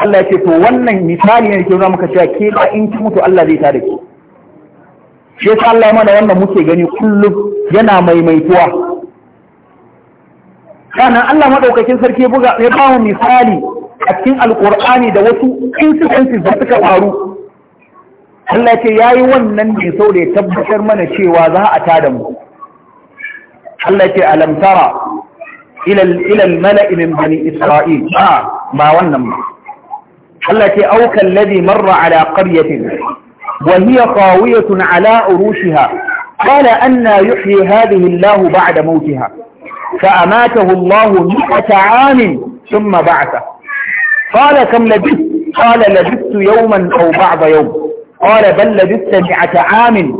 Allah ya ce to wannan misali ne ke nuna muka cewa ke in ki mutu Allah zai tare ki shi yasa Allah mana wannan muke gani kullum yana maimaituwa sannan Allah madaukakin sarki ya buga ya bawo misali a cikin alqur'ani da wasu instances da suka faru Allah ce yayi wannan ne da ya tabbatar mana cewa za a tada mu Allah ce alam tara ila ila al-mala'i min bani isra'il ba wannan ba Allah ce auka alladhi marra ala qaryatin وهي خاوية على عروشها قال أن يحيي هذه الله بعد موتها فأماته الله مئة عام ثم بعثه قال كم لبثت قال لبثت يوما أو بعض يوم قال بل لبثت مئة عام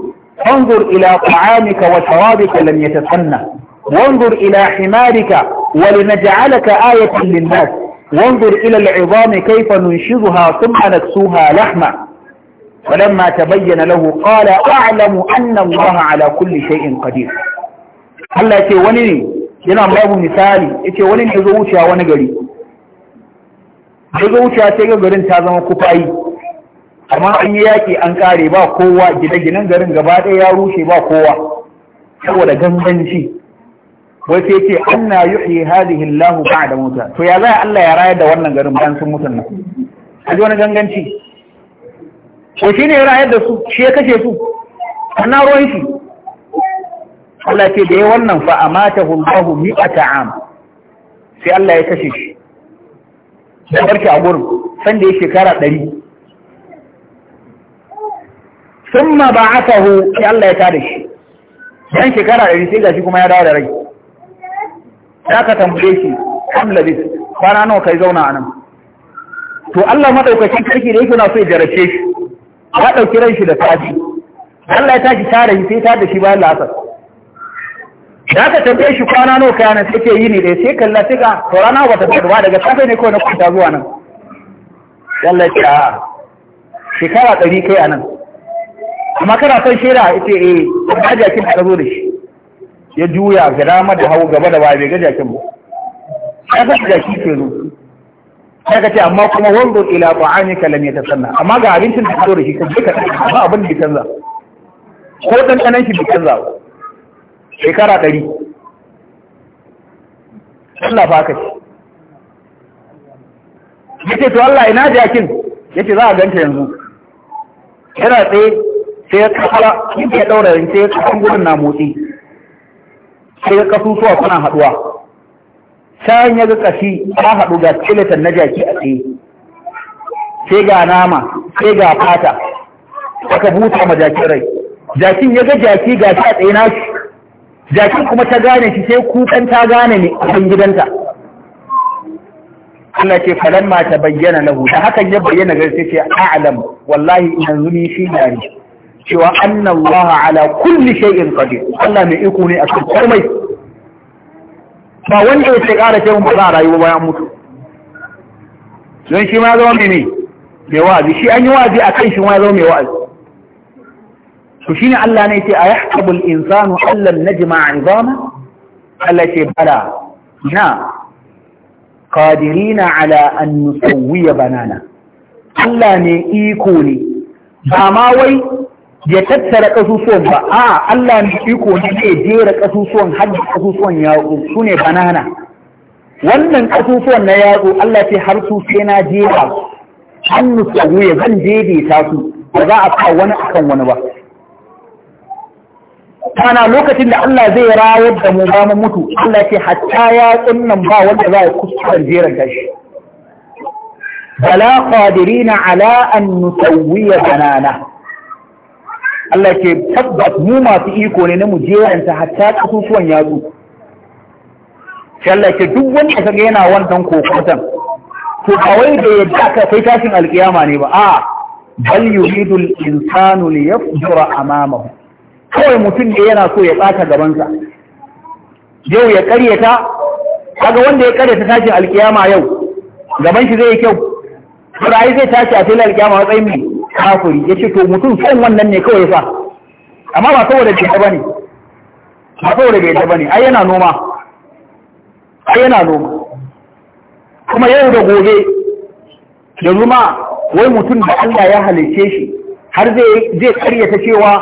انظر إلى طعامك وشرابك لم يتسنى وانظر إلى حمارك ولنجعلك آية للناس وانظر إلى العظام كيف ننشزها ثم نكسوها لحما فلما تبين له قال أعلم أن الله على كل شيء قدير Allah ya ce wani ne yana babu misali ya ce wani ne ya zo wuciya wani gari ya zo wuciya sai ga garin ta zama kufayi amma an yi yaki an kare ba kowa gine-ginen garin gaba ɗaya ya rushe ba kowa saboda ganganci wai sai ce an na yuhi hadihi Allahu ba'da muta to ya za Allah ya rayar da wannan garin bayan sun mutu nan wani ganganci ko shi ne ya rayar da su shi ya kashe su ana ruwan shi Allah ce da ya wannan fa mata hulbahu mi a ta'am sai Allah ya kashe shi da barci a gurin sanda ya shekara ɗari sun ma ba aka hu sai Allah ya tada shi yan shekara ɗari sai ga shi kuma ya dawo da rai ya ka tambaye shi kan labis kwana nawa kai zauna a nan to Allah maɗaukacin sarki da yake na so ya jarace shi ya ɗauki ran shi da safi Allah ya tashi tare shi sai ta da shi bayan la'asar da ka tambaye shi kwana nawa kai nan sai yi ne da sai kalla sai ga to rana bata tarwa daga safe ne kawai na kwanta zuwa nan Allah ya ce shekara ɗari kai anan amma kana son shaida ita eh ba jakin da zo da shi ya juya ga dama da hagu gaba da baya bai ga jakin ba ya fasa jaki ke zuwa sai ka ce amma kuma wanzur ila ta'amika lam yatasanna amma ga abincin da ka shi ka je ka ba abin da canza ko kanan shi bikin canza ba shekara ɗari Allah fa ka ce yace to Allah ina jakin yace za a ganta yanzu yana tsaye sai ya kafala yake ya daura yanke ya kafan gudun na motsi sai ya kasu suwa kuna haduwa Sayan ya ga kashi ta haɗu ga skeleton na jaki a tsaye sai ga nama sai ga fata aka buta ma jakin rai jakin ya ga jaki ga shi a tsaye na shi jakin kuma ta gane shi sai kukan ta gane ne a kan gidanta Allah ce falan ma ta bayyana lahu ta hakan ya bayyana ga sai ce a'lam wallahi ina ni shi ne cewa anna Allah ala kulli shay'in qadir Allah mai iko ne a kan komai ba wanda ya ce ƙara ce ba za a rayu bayan mutu don shi ma zama mai mai wa'azi shi an yi wa'azi a kan shi ma zama mai wa'azi to shine Allah ne ce a ya yahqabul insanu allan najma izama Allah ce bala na qadirina ala an nusawwiya banana Allah ne iko ne ba ma wai ya tattara kasusuwan ba a Allah ne iko ne ke jera kasusuwan har kasusuwan yatsu su ne banana wannan kasusuwan na yatsu Allah ce har su sai na jera hannu su ya zan daidaita su ba za a kawo wani akan wani ba kana lokacin da Allah zai rawar da mu ba mu mutu Allah ce hatta yatsun nan ba wanda za a kuskuren jera tashi bala qadirina ala an nusawwiya banana Allah ke tabbat mu masu iko ne na mu jeranta hatta kasusuwan yatsu sai Allah ke duk wanda kaga yana wannan kokotan to ba wai da yadda daka kai tashin alkiyama ne ba a bal yuridu al-insanu li yafjura amamahu kawai mutum ne yana so ya bata gabansa yau ya karyata kaga wanda ya karyata tashin alkiyama yau gaban shi zai yi kyau Fara'i zai tashi a filin alkiyama matsayin mai kafiri ya ce to mutum son wannan ne kawai fa amma ba saboda bai ba ne ba saboda bai ba ne ai yana noma ai yana noma kuma yau da gobe da ma wai mutum da Allah ya halice shi har zai zai karyata cewa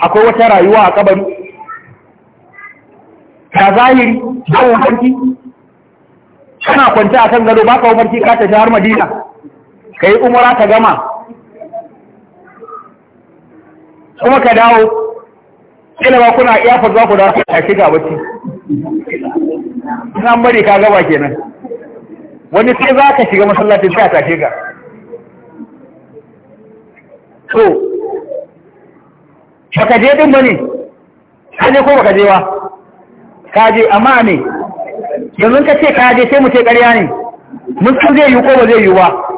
akwai wata rayuwa a kabari ta zahiri ba umarci kana kwanta a kan gado ba ka umarci ka tafi har madina ka yi umara ta gama kuma ka dawo kila ba kuna iya fa za ku dawo a ga bacci nan bari ka gaba kenan wani sai za ka shiga masallacin sai ta shiga to baka je din bane ka je ko baka je ba ka je amma ne yanzu ka ce ka je sai mu ce ƙarya ne mun san zai yi ko ba zai yi ba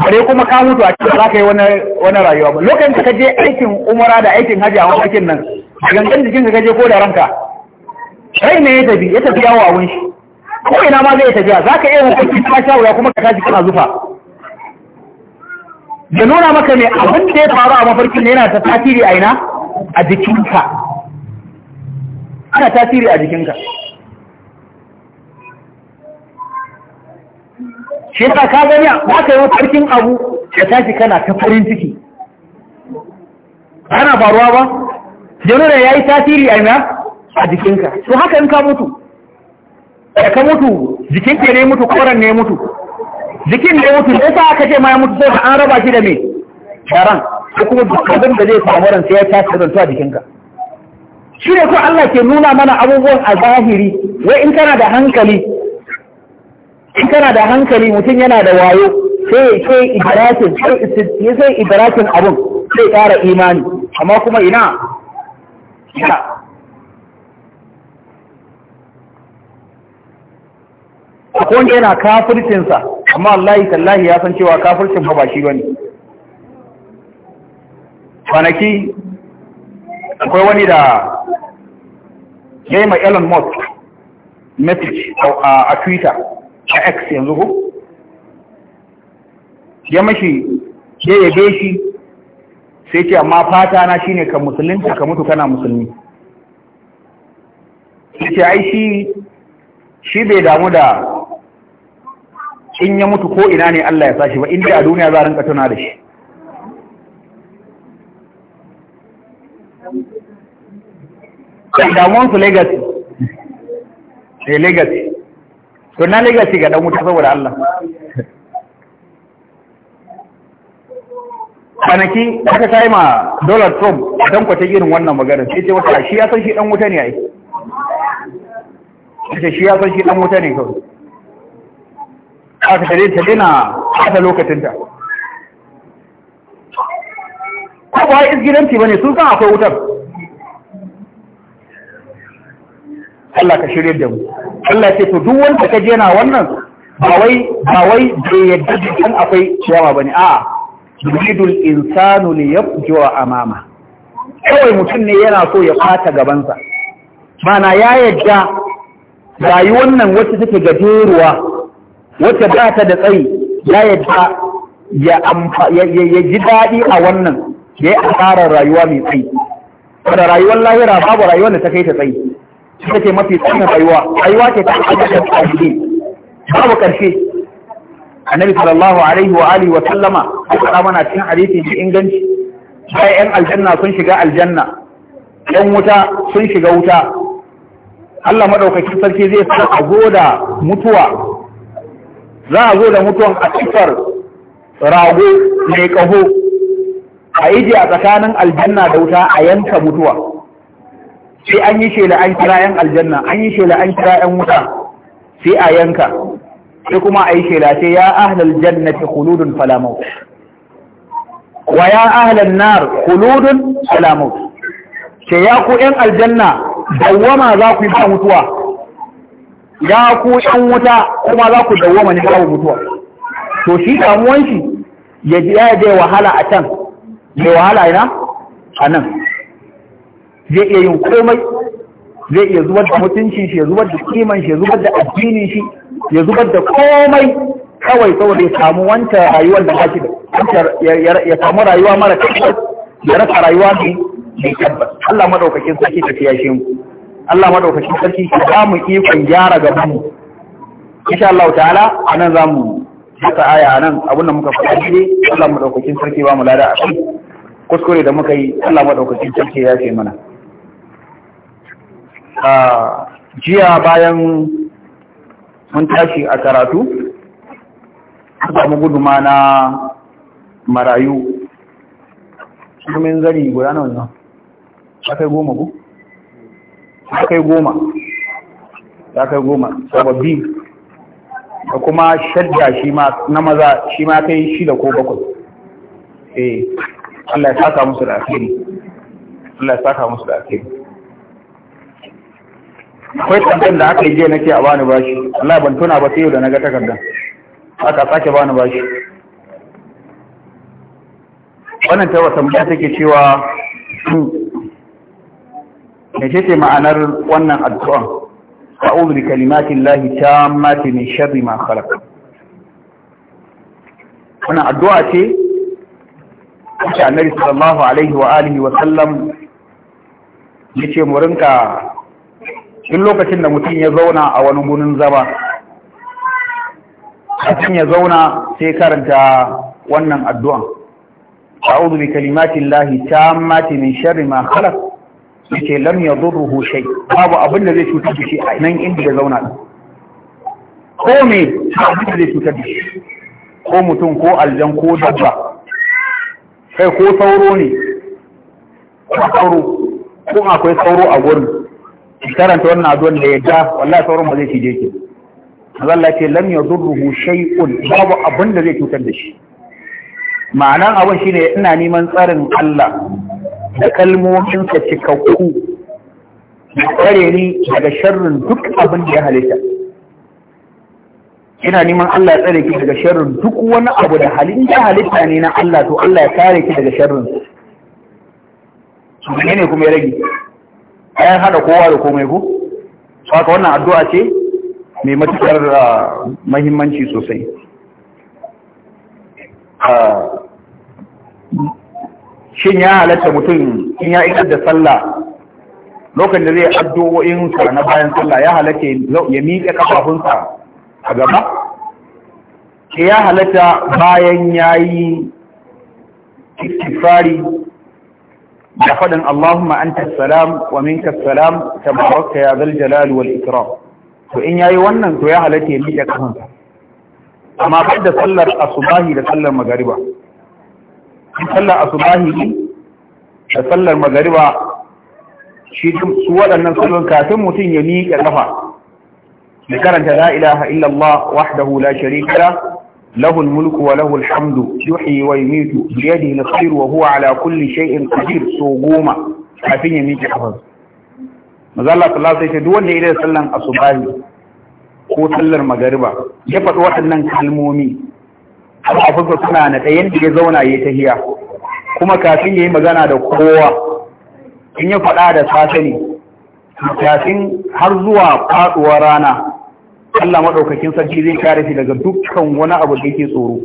bare kuma ka mutu a cikin za ka yi wani rayuwa ba lokacin da ka je aikin umara da aikin hajji a wani aikin nan gangan jikin ka je ko da ranka rai ne ya tafi ya tafi yawo a shi ko ina ma zai tafiya za ka iya hukunci ta sha wuya kuma ka tashi kana zufa da nuna maka ne abin da ya faru a mafarkin ne yana ta tasiri a ina a jikinka ana tasiri a jikinka shi yasa ka gani ba ka yi farkin abu ya tashi kana ta farin ciki ana faruwa ba janura ya yi tasiri a ina a jikinka to haka in ka mutu Ya ka mutu ke ne mutu koren ne mutu jikin ne mutu ne sa aka ce ma ya mutu sai an raba shi da me sharan ko kuma duk abin da zai samu ran sai ya tashi da a jikinka shi ne ko Allah ke nuna mana abubuwan a zahiri wai in kana da hankali in kana da hankali mutum yana da wayo sai sai idrakin sai sai idrakin abun sai ƙara imani amma kuma ina ina akwai wanda yana kafircinsa amma Allah tallahi ya san cewa kafircin ba ba shi bane kwanaki akwai wani da ya yi ma Elon Musk message a Twitter a x yanzu ko ya mashi ya yabe shi sai ce amma fata na shine ka musulunta ka mutu kana musulmi sai ce ai shi shi bai damu da in ya mutu ko ina ne Allah ya sashi ba inda a duniya za a rinka tuna da shi damuwansu legacy ne eh, legacy to na ne gashi ga dan wuta saboda Allah kwanaki aka sai ma Donald Trump dan kwata irin wannan magana sai ce wata shi ya san shi dan wuta ne ai sai shi ya san shi dan wuta ne kawai aka tare ta dina a lokacin ta ko ba ne bane sun san akwai wutar Allah ka shirye da mu Allah ce to duk wanda ka je na wannan ba wai da yadda kan akwai ciyawa bane a'a yuridul insanu li yafjura amama kawai mutum ne yana so ya fata gabansa mana ya yadda rayuwar nan wacce take gajeruwa wacce ba ta da tsayi ya yadda ya ji daɗi a wannan ya yi asarar rayuwa mai tsayi wadda rayuwar lahira babu rayuwar da ta kai ta tsayi ita ce mafi tsanin rayuwa rayuwa ce ta ajiyar tsarki babu ƙarshe annabi sallallahu alaihi wa alihi wa sallama a faɗa mana cikin hadisi mai inganci sai yan aljanna sun shiga aljanna yan wuta sun shiga wuta Allah madaukakin sarki zai sa a zo mutuwa za a zo da mutuwan a cikin rago mai ƙaho a ije a tsakanin aljanna da wuta a yanka mutuwa sai an yi shela an kira yan aljanna an yi shela an kira yan wuta sai a yanka sai kuma a yi shela sai ya ahlal jannati khuludun fala maut wa ya ahlan nar khuludun fala maut sai ya ku yan aljanna dawwama za ku yi ba mutuwa ya ku yan wuta kuma za ku dawwama ne ba mutuwa to shi damuwan shi ya je wahala a can mai wahala ina a nan zai iya yin komai zai iya zubar da mutuncin shi ya zubar da kiman shi ya zubar da addinin shi ya zubar da komai kawai saboda ya samu wancan rayuwar da haki da ya samu rayuwa mara tabbas ya rasa rayuwa ne mai tabbas Allah madaukakin sarki ta tafiya shi mu Allah madaukakin sarki shi ba mu ikon gyara ga mu insha Allah ta'ala anan zamu haka aya anan abin da muka faɗa ne Allah madaukakin sarki ba mu lada a kai kuskure da muka yi Allah madaukakin sarki ya ce mana jiya bayan mun tashi a karatu samu guduma na marayu sumin zari guda na wannan akai goma ku? akai goma ya kai goma sababbi da kuma shadda shi ma na maza shi ma kai shida ko bakwai eh Allah ya saka musu da akiri Allah ya saka musu da akiri akwai tsantar da aka yi jiya nake a bani bashi Allah ban tuna ba sai yau da na ga takardar aka sake bani bashi wannan ta wata mutum take cewa ne ce ce ma'anar wannan addu'an a'udhu bi kalimatin lahi tammati min sharri ma khalaq wannan addu'a ce ta annabi sallallahu alaihi wa alihi wa sallam yace mu rinka in lokacin da mutum ya zauna a wani gunin zama mutum ya zauna sai karanta wannan addu'an a'udhu bi kalimatin lahi mati min sharri ma khalaq yace lam yadurruhu shay babu abin da zai cutar da shi a nan inda ya zauna ko me abin da zai cutar da shi ko mutum ko aljan ko dabba kai ko sauro ne ko sauro ko akwai sauro a gurin karanta wannan addu'ar da ya ga wallahi sauran ba zai cije ki Allah ce lam yadurruhu shay'un babu abin da zai cutar da shi ma'anan abin shine ina neman tsarin Allah da kalmomin sa cikakku tsare ni daga sharrin duk abin da ya halitta ina neman Allah ya tsare ki daga sharrin duk wani abu da halitta halitta ne na Allah to Allah ya kare ki daga sharrin su ne kuma ya rage ayan hada kowa da komai ko su haka wannan addu'a ce mai matukar ah, mahimmanci sosai ah, shin ya halatta mutum in ya ikar da sallah lokacin da zai addu'o'insa na bayan sallah ya halatta ya miƙe kafafunsa a gaba ya halatta bayan ya yi istifari da faɗin Allahumma anta salam wa minka salam tabaraka ya zal jalali wal ikram to in yayi wannan to ya halatta ya miƙe kafansa amma ba da sallar asubahi da sallar magariba sallar asubahi da sallar magariba shi su waɗannan sallon kafin mutum ya miƙa ƙafa da karanta la ilaha illallah wahdahu la sharika la له الملك وله الحمد يحيي ويميت بيده الخير وهو على كل شيء قدير سوغوما kafin ya حفظ ماذا الله صلى الله عليه وسلم duk wanda ya yi عليه وسلم ko sallar magariba ya faɗi waɗannan kalmomi kafafunsa suna na ɗayan da ya zauna ya tahiya kuma kafin ya yi magana da kowa in ya faɗa da safe kafin har zuwa faɗuwar rana Allah maɗaukakin sarki zai kare shi daga dukkan wani abu da yake tsoro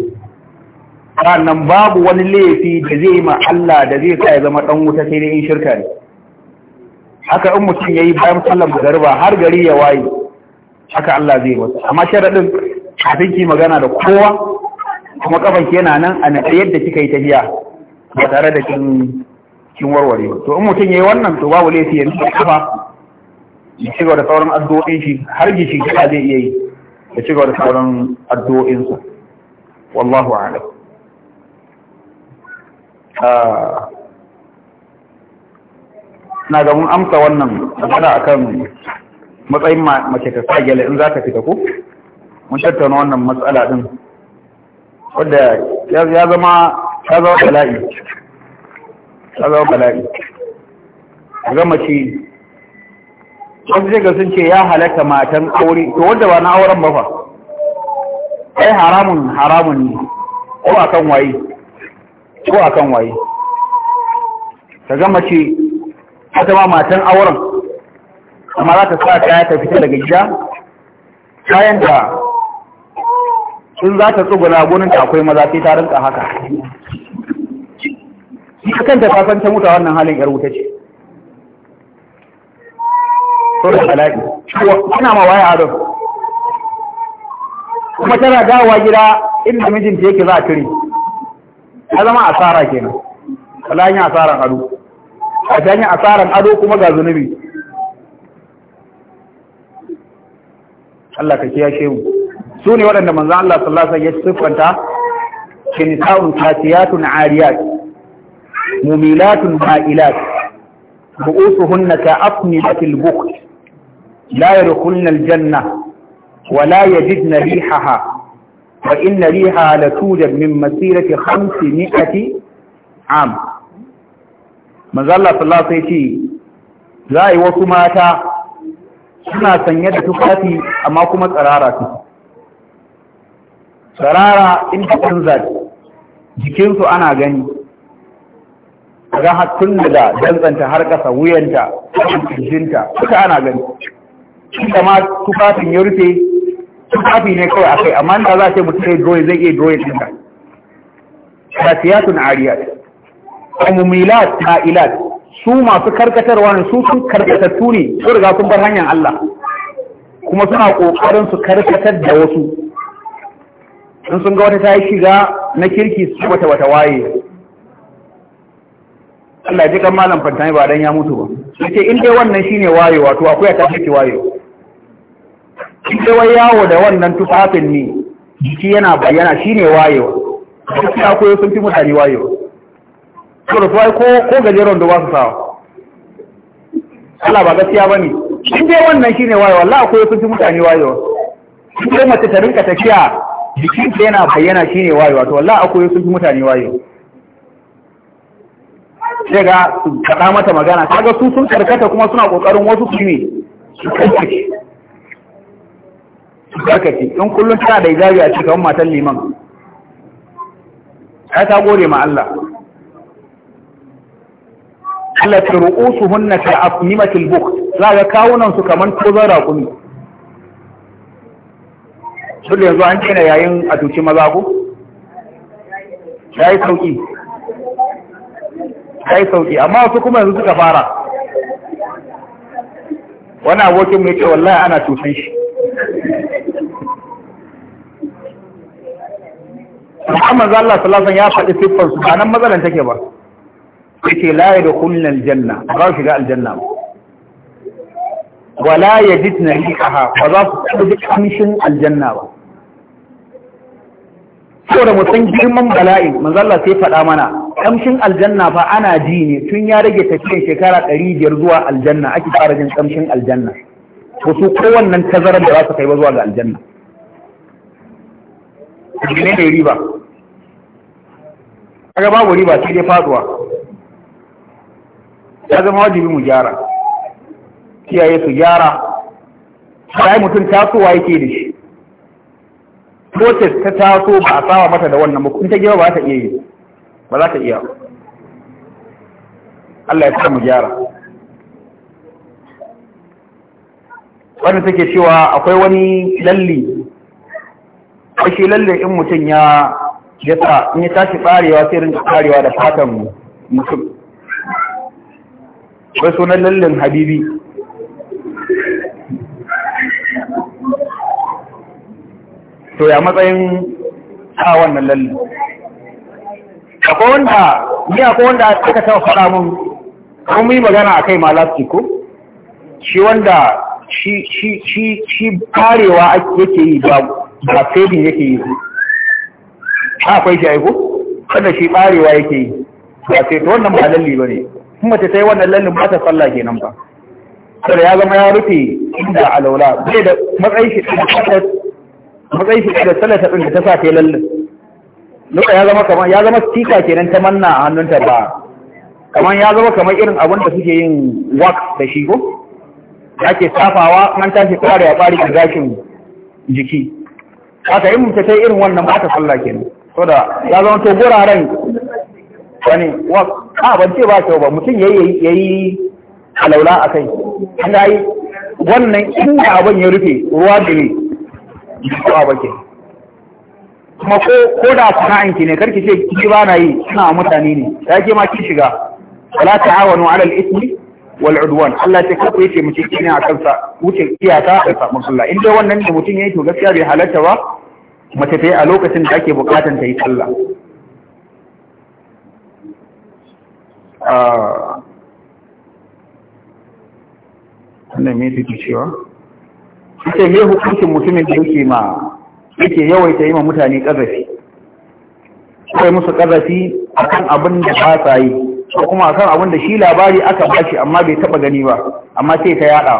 sannan babu wani laifi da zai ma Allah da zai sa ya zama ɗan wuta sai dai in shirka ne haka in mutum ya yi bayan sallar magariba har gari ya waye haka Allah zai masa amma sharaɗin kafin ki magana da kowa kuma kafan ki yana nan a naɗe yadda kika yi tafiya ba tare da kin warware to in mutum ya yi wannan to babu laifi ya nufa kafa ya ci da sauran addu'o'in shi har shi kiɗa zai iya yi ya ci da sauran addu'o'insa wallahu a'lam ah, na ga mun amsa wannan magana akan matsayin mace ta sa gyale in za ka fita ko mun tattauna wannan matsala din wadda ya zama ta zama bala'i ta zama bala'i ga mace wanda zai ga sun ce ya halatta matan aure to wanda ba na auren ba fa ai haramun haramun ne ko akan waye ko akan waye ka ga mace ta ma matan auren amma za ta sa kaya ta fita daga gida kayan da in za ta tsuguna gunin ta akwai maza sai ta rinka haka ni kanta ta san ta mutu wannan halin yar wuta ce kuma da ko ana ma waya adon kuma tana dawowa gida inda mijinta yake za a turi ya zama asara kenan wala yin asaran ado a ta yin asaran ado kuma ga zunubi Allah ka kiya shehu su ne waɗanda manzan Allah sallallahu alaihi wasallam ya siffanta kinisa'un kasiyatun ariyat mumilatun ma'ilat bu'usuhunna ka afnilatil bukht لا يدخلن الجنة ولا يجدن ريحها وإن ريحها لتوجد من مسيرة خمسمائة عام manzala sallallahu sai ce za a yi wasu mata suna sanye da tufafi amma kuma tsarara su tsarara inda canza jikinsu ana gani ga hattun da dantsanta har ƙasa wuyanta ƙarfin jinta duka ana gani inda ma tufafin ya rufe tufafi ne kawai akai amma da za a ce mutum zai droye zai iya drawing din ka kasiyatun ariyat ta ilat. su masu karkatarwa ne su sun karkatattu ne su riga sun bar hanyar Allah kuma suna kokarin su karkatar da wasu in sun ga wata ta yi shiga na kirki su wata wata waye Allah ji kan malam fantani ba dan ya mutu ba yace in dai wannan shine wayewa to akwai ta take wayewa in wai yawo da wannan tufafin ne jiki yana bayyana shi ne wayewa duk ya koyo sun fi mutane wayewa to da suwai ko gajeren da ba su sawa Allah ba gaskiya ba ne in dai wannan shi ne wayewa Allah akwai sun fi mutane wayewa in dai mace ta rinka tafiya jiki ta yana bayyana shi ne wayewa to Allah akwai sun fi mutane wayewa sai ga su kaɗa mata magana kaga su sun karkata kuma suna ƙoƙarin wasu su ne su kai barkaci in kullum tana da izabi a cikin matan liman ka ta gode ma Allah Allah ta su hunna ta afnimatil buk za ga kawunan su kamar tozon raƙumi su da yanzu an daina yayin a tuci maza ku ya yi sauƙi ya yi sauƙi amma wasu kuma yanzu suka fara wani abokin mai ce wallahi ana tutan shi Muhammad Allah sallallahu alaihi ya faɗi siffar su anan matsalan take ba yace la yadkhulun aljanna ba shiga aljanna ba wala yajidna rihaha ba za su ji kamshin aljanna ba saboda mu san girman bala'i manzo Allah sai faɗa mana kamshin aljanna fa ana ji ne tun ya rage tafiyar shekara 500 zuwa aljanna ake fara jin kamshin aljanna to su kowannan tazarar da za su kai ba zuwa ga aljanna ne ne riba kaga babu riba sai dai faduwa ya zama wajibi mu gyara kiyaye su gyara sai mutum tasowa yake da shi protest ta taso ba a sawa mata da wannan ba ta gaba ba ta iya yi ba za ta iya Allah ya sa mu gyara wanda take cewa akwai wani lalli akwai lalle in mutum ya yasa in ya tashi barewa sai rinka barewa da fatan mutum wai sunan lallin habibi to ya matsayin a wannan lallin akwai wanda ni akwai wanda aka taɓa faɗa mun kuma yi magana a kai malasti ko shi wanda shi shi shi shi yake yi ba ba fading yake yi ba akwai shi aiko kada shi barewa yake yi ba sai to wannan ba lalli ba ne kuma ta yi wannan lallin ba ta sallah kenan ba sai ya zama ya rufe inda alaula bai da matsayin shi da sallar matsayin shi da sallar ta ta sa ta lallin duka ya zama kamar ya zama tika kenan ta manna a hannunta ba kamar ya zama kamar irin abin da suke yin wax da shi ko ake safawa ta tashi kare ya bari gashin jiki haka in mutum ta irin wannan ba ta sallah kenan koda ya zama to guraren wani a ban ce ba kyau ba mutum ya yi alaula a kai ana yi wannan inda abin ya rufe ruwa da ne ko ba ke kuma ko da sana'anki ne karki ce kiki ba na yi suna mutane ne ta ke ma ki shiga wala ta'awanu alal ismi wal udwan Allah ce ku yace mu ce kina akan sa wuce iyaka da sabon Allah in dai wannan ne mutum ya yi to gaskiya bai halatta ba mace ta yi a lokacin da ake bukatan ta yi sallah ah, wannan me cewa ita hukuncin mutumin da yake ma yake yawaita yi ma mutane ƙazafi kai musu ƙazafi akan abin da ba sa yi ko kuma akan abin da shi labari aka ba shi amma bai taɓa gani ba amma sai ta yaɗa.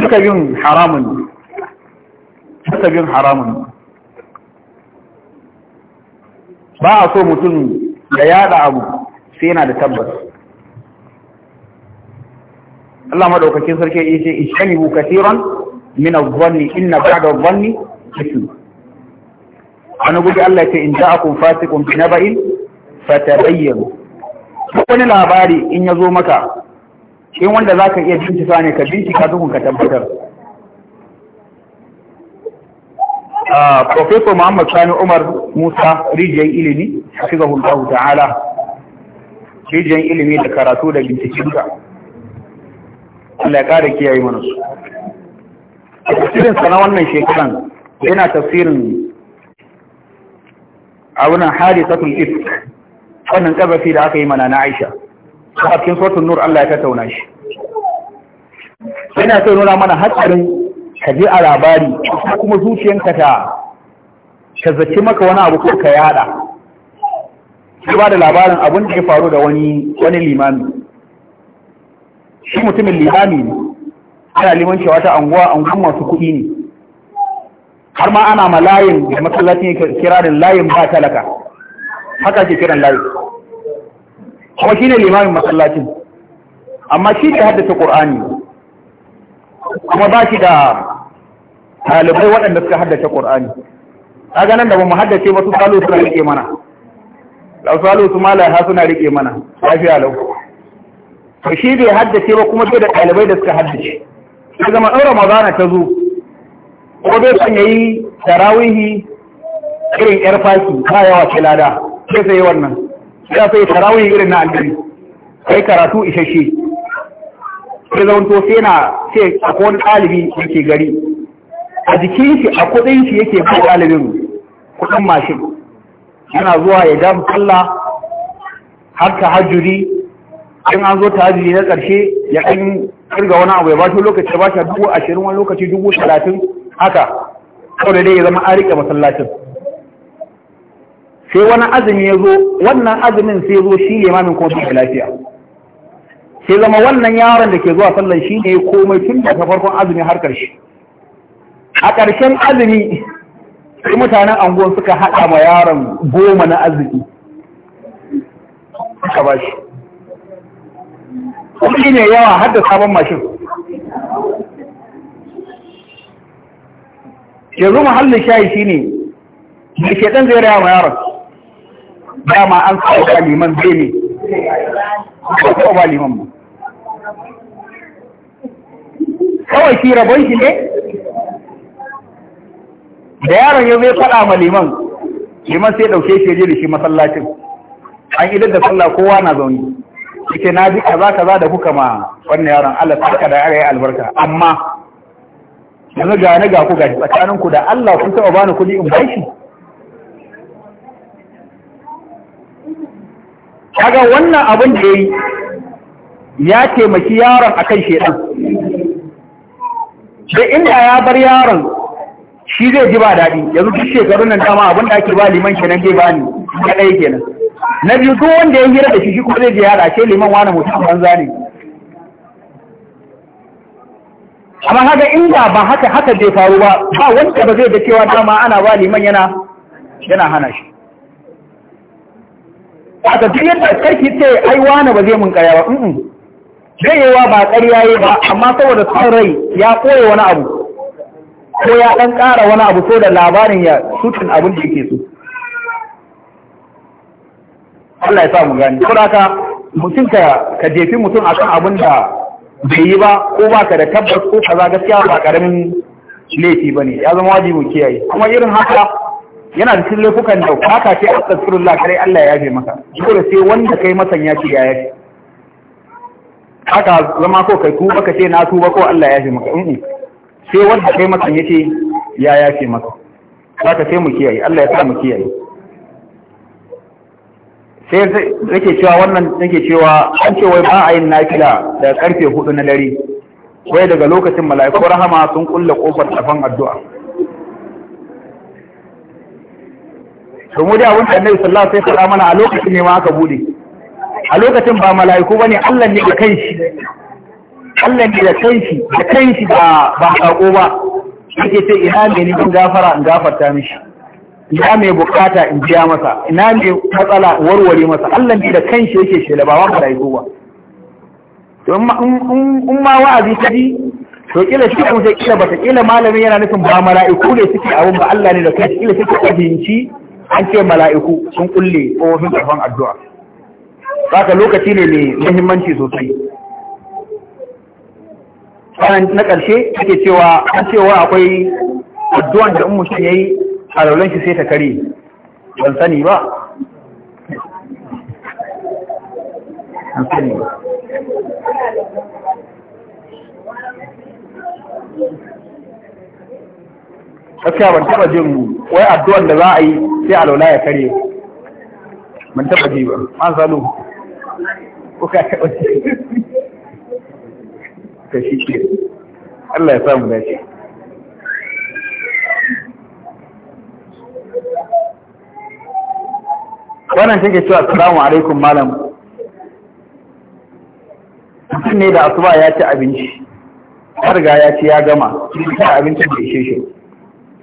duka yin haramun hasabin haramun ba a so mutum ya yada abu sai yana da tabbas Allah madaukakin sarki ya ce bu kasiran min az-zanni inna ba'da az-zanni ism wani guji Allah ce in ja'akum fasiqun bi naba'in fatabayyanu wani labari in ya zo maka in wanda zaka iya bincika ne ka bincika dukun ka tabbatar Ah, Profesor Muhammad Sani Umar Musa rijiyar ilimi, hafizahul Allah ta'ala, rijiyar ilimi da karatu da bincikinka. Allah ya ƙara kiyaye mana su. Tafsirin sa na wannan shekaran yana tafsirin a wunan ta ifk wannan kazafi da aka yi mana na Aisha. Kafin sautin Nur Allah ya tattauna shi. Yana sai nuna mana hatsarin ka ji a labari kuma zuciyanka ta ka zaci maka wani abu ko ka yada shi ba da labarin abin da ya faru da wani wani limami shi mutumin limami ne ana limanci wata anguwa anguwan masu kuɗi ne har ma ana ma layin da masallacin da layin ba talaka haka ke kiran layin kuma shi ne limamin masallacin amma shi ke haddasa ƙur'ani kuma ba shi da ɗalibai waɗanda suka haddace ƙur'ani kaga nan da ba mu haddace ba su salo suna rike mana da salo su ha suna rike mana lafiya lau to shi bai haddace ba kuma sai da ɗalibai da suka haddace sai zama ɗan Ramadana ta zo ko bai san yayi tarawihi irin yar faki ba yawa ce lada sai sai wannan sai sai tarawihi irin na aljiri sai karatu isasshe sai zaunto sai na sai akwai wani ɗalibi yake gari a jikin shi a kudin shi yake ba ɗalibin kudin mashin yana zuwa ya ga sallah har tahajjudi in an zo ta hajjuri na ƙarshe ya ɗan kirga wani abu ya ba shi lokaci ba shi dubu ashirin wani lokaci dubu talatin haka kawai dai ya zama an riƙe masallacin sai wani azumi ya zo wannan azumin sai zo shi mamin kuma bai lafiya sai zama wannan yaron da ke zuwa sallan shi ne komai tun ta farkon azumi har ƙarshe a ƙarshen azumi sai mutanen anguwan suka haɗa ma yaron goma na arziki suka ba shi kuɗi ne yawa har da sabon mashin yanzu muhallin shayi shi ne mai shaɗan zai raya ma yaron dama an sauka liman zai ne ba liman ba kawai shi rabon shi ne da yaron ya zai faɗa ma liman liman sai ɗauke shi je da shi masallacin an idan da sallah kowa na zaune yake na ji kaza kaza da kuka ma wannan yaron Allah saka da ya albarka amma yanzu ga ni ga ku shi, tsakanin ku da Allah kun taɓa bani kuɗi in bai shi kaga wannan abin da yayi ya taimaki yaron akan shedan da inda ya bar yaron shi zai ji ba daɗi yanzu duk shekarun nan dama abin da ake ba liman kenan zai ba ni ya ɗaya kenan na biyu duk wanda ya hira da shi shi kuma zai je yara ce liman wani mutum banza ne amma haka inda ba haka haka zai faru ba ba wanda ba zai da cewa dama ana ba liman yana yana hana shi haka duk yadda karki ce ai wani ba zai mun kaya ba zai yi wa ba ƙarya yi ba amma saboda son rai ya koya wani abu ko ya ɗan ƙara wani abu ko da labarin ya shutin abin da yake so Allah ya sa mu gani ko haka mutum ka ka jefi mutum akan abin da bai yi ba ko ba ka da tabbas ko kaza gaskiya ba karamin laifi ba ne ya zama wajibi kiyaye kuma irin haka yana da cikin laifukan da haka ce astaghfirullah kare Allah ya yafe maka da sai wanda kai masan ya ce ya yafe haka zama ko kai tuba ka ce na tuba ko Allah ya yafe maka sai wanda kai masa ya ce ya yafe masa ka sai mu kiyaye Allah ya sa mu kiyaye sai yake cewa wannan yake cewa an ce wai ba a yin nafila daga karfe hudu na dare wai daga lokacin mala'iku rahama sun kulle kofar tafan addu'a to mu da abin da Annabi sallallahu alaihi wasallam mana a lokacin ne ma aka bude a lokacin ba mala'iku bane Allah ne da kanshi Allah ne da kanshi da kanshi ba ba sako ba yake sai ina mai ni gafara in gafarta mishi ina mai bukata in biya masa ina mai matsala warware masa Allah ne da kanshi yake shela ba wanda rayuwa ba to in ma wa'azi ta ji to kila shi kuma sai kila bata kila malami yana nufin ba mala'iku ne suke abun ba Allah ne da kanshi kila suke fahimci an ce mala'iku sun kulle ko sun karfan addu'a Saka lokaci ne mai muhimmanci sosai na ƙarshe ake cewa an cewa akwai addu'an da ummu ya yi a laulan shi sai ta kare ban sani ba an sani gaskiya ban taba jin wai addu'an da za a yi sai a laula ya kare ban taba ji ba an ko kuka taba ji ta shi ke Allah ya samu dace wannan take cewa assalamu alaikum malam mutum ne da asuba ya ci abinci har ga ya ci ya gama ya abincin da ishe shi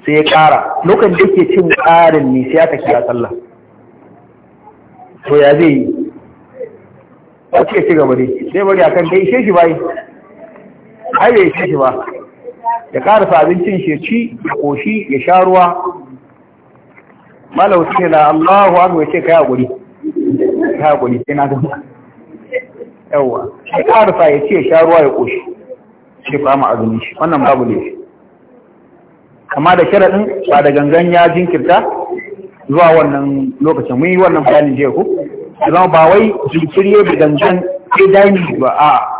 sai ya ƙara lokacin da yake cin ƙarin ne sai ya tafi a sallah to ya zai yi ba ce ci gaba dai sai bari akan da ishe shi bayi ai bai ishe shi ba ya karasa abincin shi ci ya koshi ya sha ruwa malauta ce na Allahu akbar ce kai hakuri ya guri sai na zama yawwa ya karasa ya ce ya sha ruwa ya koshi shi fama azumin shi wannan babu ne amma da sharaɗin ba da gangan ya jinkirta zuwa wannan lokacin mun yi wannan bayanin jeku ku zama ba wai jinkiri bi gangan ya dami ba a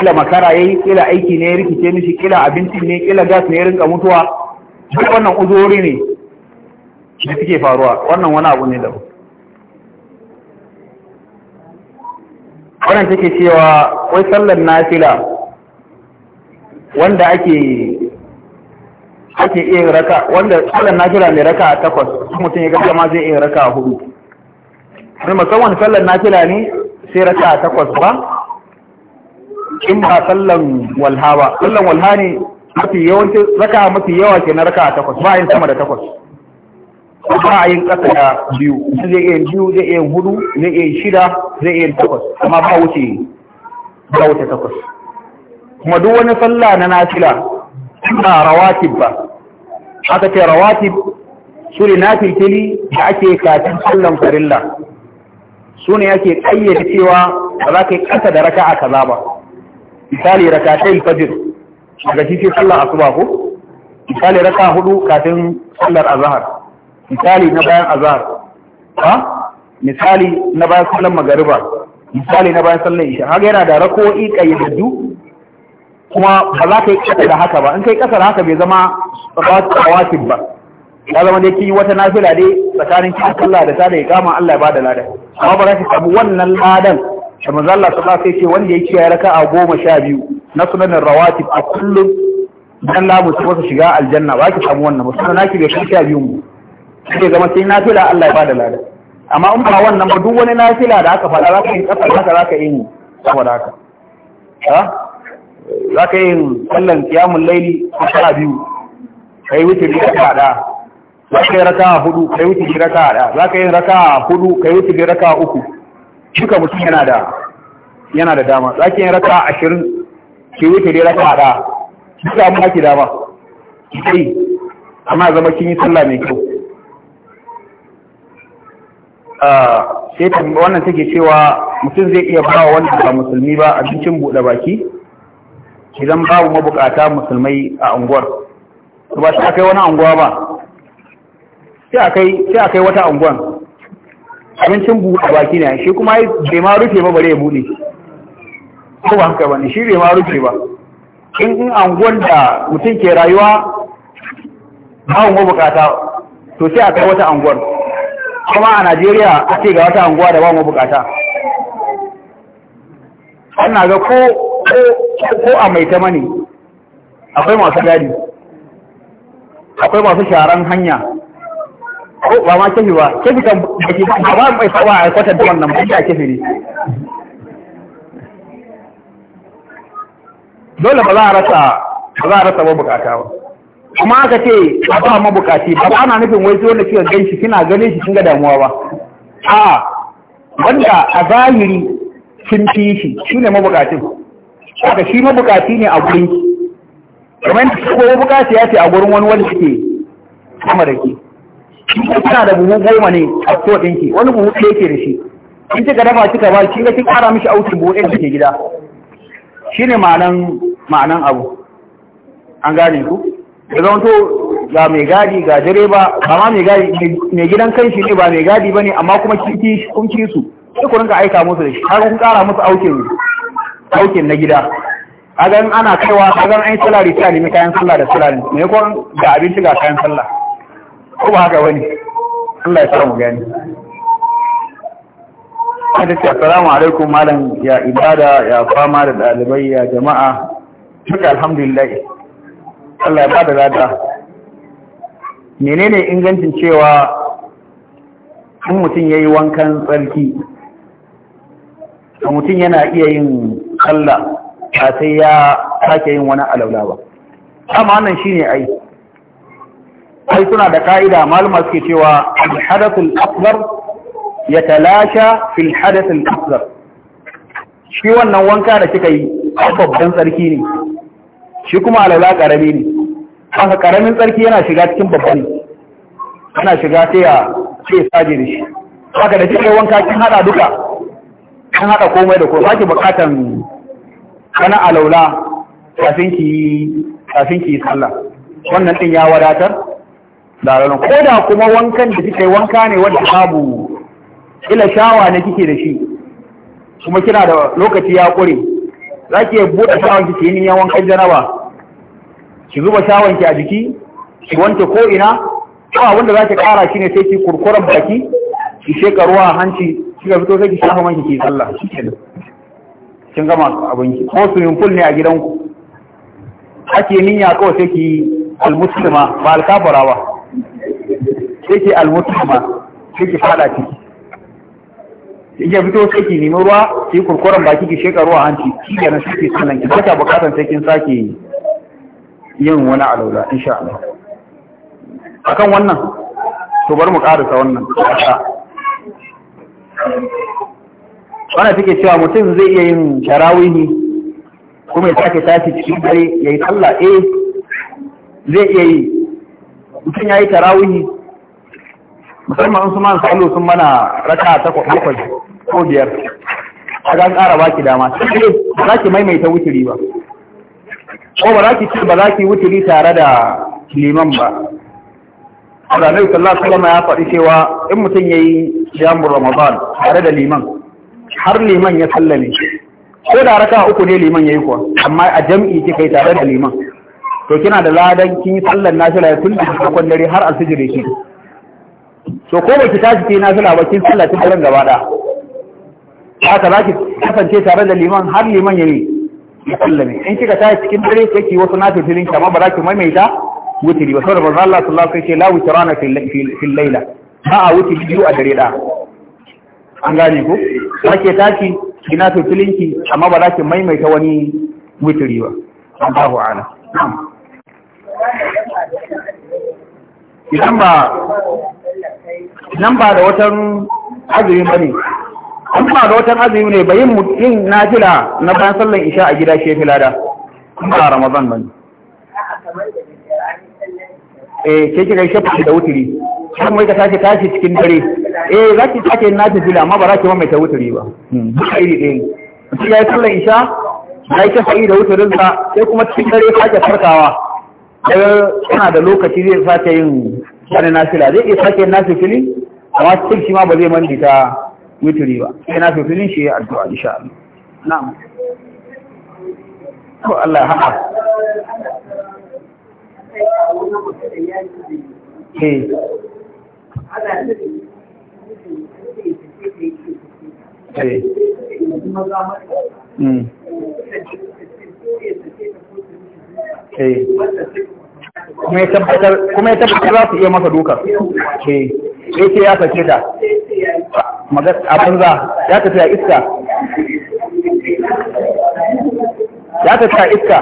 kila makara yayi kila aiki ne ya rikice mishi kila abinci ne kila gas ne ya rinka mutuwa duk wannan uzuri ne da suke faruwa wannan wani abu ne da wannan take cewa wai sallar nafila wanda ake ake iya raka wanda sallar nafila mai raka a takwas mutum ya ma zai iya raka a hudu ne musamman sallar nafila ne sai raka a takwas ba in ba sallan walha ba sallan walha ne mafi yawancin raka mafi yawa ke na raka takwas ba yin sama da takwas ba a yin ƙasa da biyu zai iya biyu zai iya hudu zai iya shida zai iya takwas amma ba wuce ba wuce takwas kuma duk wani sallah na nafila ba rawatib ba aka ce rawatib su ne nafilkili da ake kafin sallan farilla su ne ake ƙayyade cewa ba za ka yi ƙasa da raka a kaza ba misali rakatun fajir daga shi sai sallar asuba ko misali raka hudu kafin sallar azhar misali na bayan azhar ha misali na bayan sallar magariba misali na bayan sallar isha haka yana da rako'i kayyadaddu kuma ba za ka yi kasa da haka ba in kai kasa da haka bai zama rawatib ba ya zama dai kiyi wata nafila dai tsakanin kiyi sallah da ta da ya kama Allah ya bada ladan amma ba za ka samu wannan ladan da manzo Allah sallallahu alaihi wasallam wanda ya kiyaye raka'a goma sha biyu na sunanin rawatib a kullum dan lamu su wasu shiga aljanna ba ki samu wannan ba sunan naki bai kai sha biyu sai zama sai fila Allah ya bada lada amma in ba wannan ba duk wani na fila da aka fada za ka yi ƙasa haka za ka yi saboda haka za zaka yi sallan qiyamul laili a biyu ka yi wuce biyu da za ka yi raka hudu kai wuce biyu da za ka yi raka hudu ka wuce biyu raka uku duka mutum yana da yana da dama za ki yin raka ashirin ki wuce dai raka haɗa ki samu ake dama ki sai amma zama kin yi sallah mai kyau ah, sai wannan take cewa mutum zai iya ba wanda ba musulmi ba abincin buɗe baki idan babu mabukata musulmai a unguwar ba sai akai wani unguwa ba sai akai wata unguwan abincin buɗe baki ne shi kuma bai ma rufe ba bare ya buɗe ko ba haka bane shi bai ma rufe ba in in an da mutum ke rayuwa ba mu bukata to sai a kai wata anguwar kuma a Najeriya a ce ga wata anguwa da ba mu bukata wannan ga ko ko a mai tamani akwai masu gadi akwai masu sharan hanya ko ba ma kefi ba kefi kan baki ba ba mai sawa a kwatanta wannan ba ya kefi ne dole ba za a rasa ba za a rasa ba bukata ba kuma aka ce a ba mabukaci ba ana nufin wai dole kika gan shi kina ganin shi kin ga damuwa ba a wanda a zahiri kin fi shi shine mabukacin haka shi mabukati ne a gurin ki kamar ko mabukaci ya ce a gurin wani wani suke sama da ke kuna da buhu goma ne a ko ɗinki wani buhu ɗaya ke da shi in kika dafa kika ba shi ga kin ƙara mishi aukin buhu ɗaya da ke gida shine ma'anan ma'anan abu an gane ku da zama to ga mai gadi ga direba amma mai gadi mai gidan kan shi ne ba mai gadi ba ne amma kuma kun ci su sai ku rinka aika musu da shi har kun ƙara musu aukin aukin na gida a gan ana kaiwa a gan an yi salari sai a nemi kayan sallah da salari ne ko ga abinci ga kayan sallah ko ba haka bane Allah ya sa mu gani Kada ce assalamu alaikum malam ya ibada ya fama da dalibai ya jama'a duka alhamdulillah Allah ya bada lada menene ingancin cewa in mutum yayi wankan tsarki mutum yana iya yin sallah ba sai ya sake yin wani alaula ba amma wannan shine ai ai suna da ka'ida malama suke cewa al-hadathul akbar yatalasha fil hadathil akbar shi wannan wanka da kika yi babban tsarki ne shi kuma alaula karami ne haka karamin tsarki yana shiga cikin babban yana shiga sai ya ce saje da shi haka da kika wanka kin hada duka kin hada komai da komai sake bukatan kana alaula kafin ki kafin ki sallah wannan din ya wadatar da ko da kuma wankan da kika yi wanka ne wanda babu ila shawa ne kike da shi kuma kina da lokaci ya kure za ki buɗe shawan ki yi wankan kan janaba ki zuba shawan ki a jiki ki wanke ko ina ko abin da za ki ƙara shi ne sai ki kurkuran baki ki sheka ruwa a hanci kika fito sai ki shafa man ki sallah kin gama abin ki ko swimming pool ne a gidanku ake niyya kawai sai ki almuslima ba alkafara ba sai almutama almutuma sai ki fada ciki in ya fito sai ki nemi ruwa ki kurkuren baki ki sheka ruwa hanci shi ke nan sai sannan ki saka bukatan sai kin sake yin wani alaula insha Allah akan wannan to bari mu karasa wannan wannan take cewa mutum zai iya yin tarawihi kuma ya sake tashi cikin dare yayi sallah eh zai iya yi mutum yayi tarawihi musamman su man salo sun mana raka ta bakwai ko biyar a ga ƙara baki dama sai ba za ki maimaita wuturi ba ko ba za ki ce ba za ki wuturi tare da liman ba da Nabi sallallahu alaihi wasallam ya faɗi cewa in mutum yayi qiyamul Ramadan tare da liman har liman ya sallame ko da raka uku ne liman yayi kuwa amma a jam'i kika yi tare da liman to kina da ladan kin yi sallar nafila tun da farkon dare har alfijir yake so ko ba ki tashi ki nafila ba kin sallah kin ran gaba da haka za ki kasance tare da liman har liman yayi ya sallame in kika tashi cikin dare sai ki wasu nafilin ki amma ba za ki maimaita wutiri ba saboda manzo Allah sallallahu alaihi wasallam sai ce la witrana fil layla ba a wutiri biyu a dare da an gane ku za ki tashi ki nafilin ki amma ba za ki maimaita wani wutiri ba Allahu a'lam idan ba nan ba da watan azumi ba ne an ba da watan azumi ne ba yin najila na bayan sallan isha a gida shefi lada ba ramazan ba ne eh ke kika shafa da wuturi kan mai ka tashi tashi cikin dare eh za ki take na jila amma ba za ki ma mai ta wuturi ba hmm, duka iri ɗaya ne shi ya yi sallan isha ya yi shafa'i da wuturin sa sai kuma cikin dare sake farkawa yana da lokaci zai sake yin sani nafila zai iya sake yin fili amma cikin shi ma ba zai manta ta witiri ba sai na filin shi ya addu'a insha Allah na'am ko Allah haka eh. eh. hmm. eh. Kuma ya tabbatar za su iya masa duka. ya eh, ce ya sake ta a banza ya tafi a iska ya tafi a iska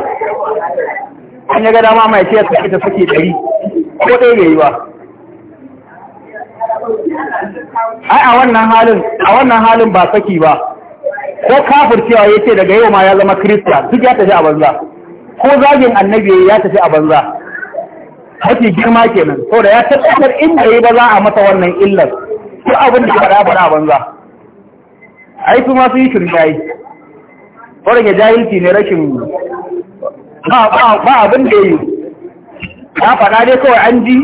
an ya ga dama mai ce ya sake ta sake ɗari ko ɗaya bai yi ba ai a wannan halin a wannan halin ba saki ba ko kafircewa ya ce daga yau ma ya zama kirista duk ya tafi a banza ko zagin annabi ya tafi a banza mafi girma kenan da ya tabbatar inda yayi ba za a masa wannan illar ko abin da ya fada fada banza ai kuma su yi shirkai saboda ga jahilci ne rashin ba ba ba abin da yayi ya fada dai kawai an ji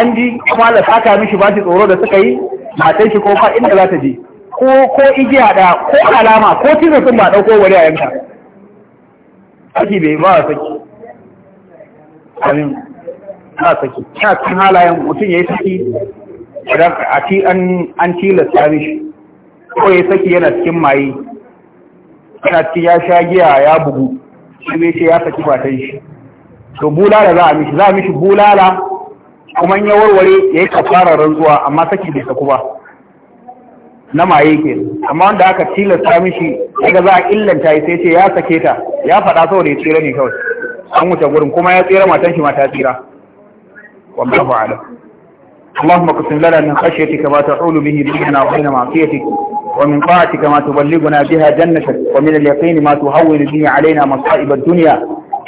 an ji kuma da saka mishi ba shi tsoro da suka yi matan shi ko fa inda za ta je ko ko igiya da ko alama ko cizon sun ba dauko wani a yanka Aki bai ba a saki. Amin. ba saki ta cikin halayen mutum ya yi saki a ci an tilasta mishi ko ya saki yana cikin maye yana cikin ya sha giya ya bugu shi bai ce ya saki fatan shi to bulala za a mishi za a mishi bulala kuma ya warware ya yi kafara rantsuwa amma saki bai saku ba na maye ke amma wanda aka tilasta mishi daga za a illanta ya sai ce ya sake ta ya faɗa saboda ya tsira ne kawai an wuce gurin kuma ya tsira matan shi ma ta tsira والله أعلم اللهم اقسم لنا من خشيتك ما تحول به بيننا وبين معصيتك ومن طاعتك ما تبلغنا بها جنتك ومن اليقين ما تهون به علينا مصائب الدنيا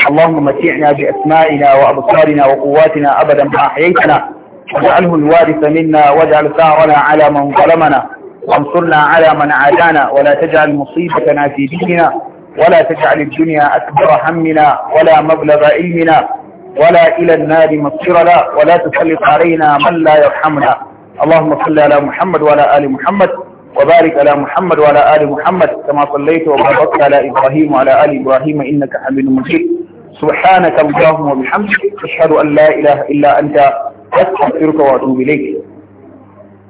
اللهم متعنا بأسمائنا وأبصارنا وقواتنا أبدا ما أحييتنا واجعله الوارث منا واجعل ثارنا على من ظلمنا وانصرنا على من عادانا ولا تجعل مصيبتنا في ديننا ولا تجعل الدنيا أكبر همنا ولا مبلغ علمنا ولا إلى النار مصير لا ولا تسلط علينا من لا يرحمنا اللهم صل على محمد وعلى آل محمد وبارك على محمد وعلى آل محمد كما صليت وباركت على إبراهيم وعلى آل إبراهيم إنك حميد مجيد سبحانك اللهم وبحمدك أشهد أن لا إله إلا أنت أستغفرك وأتوب إليك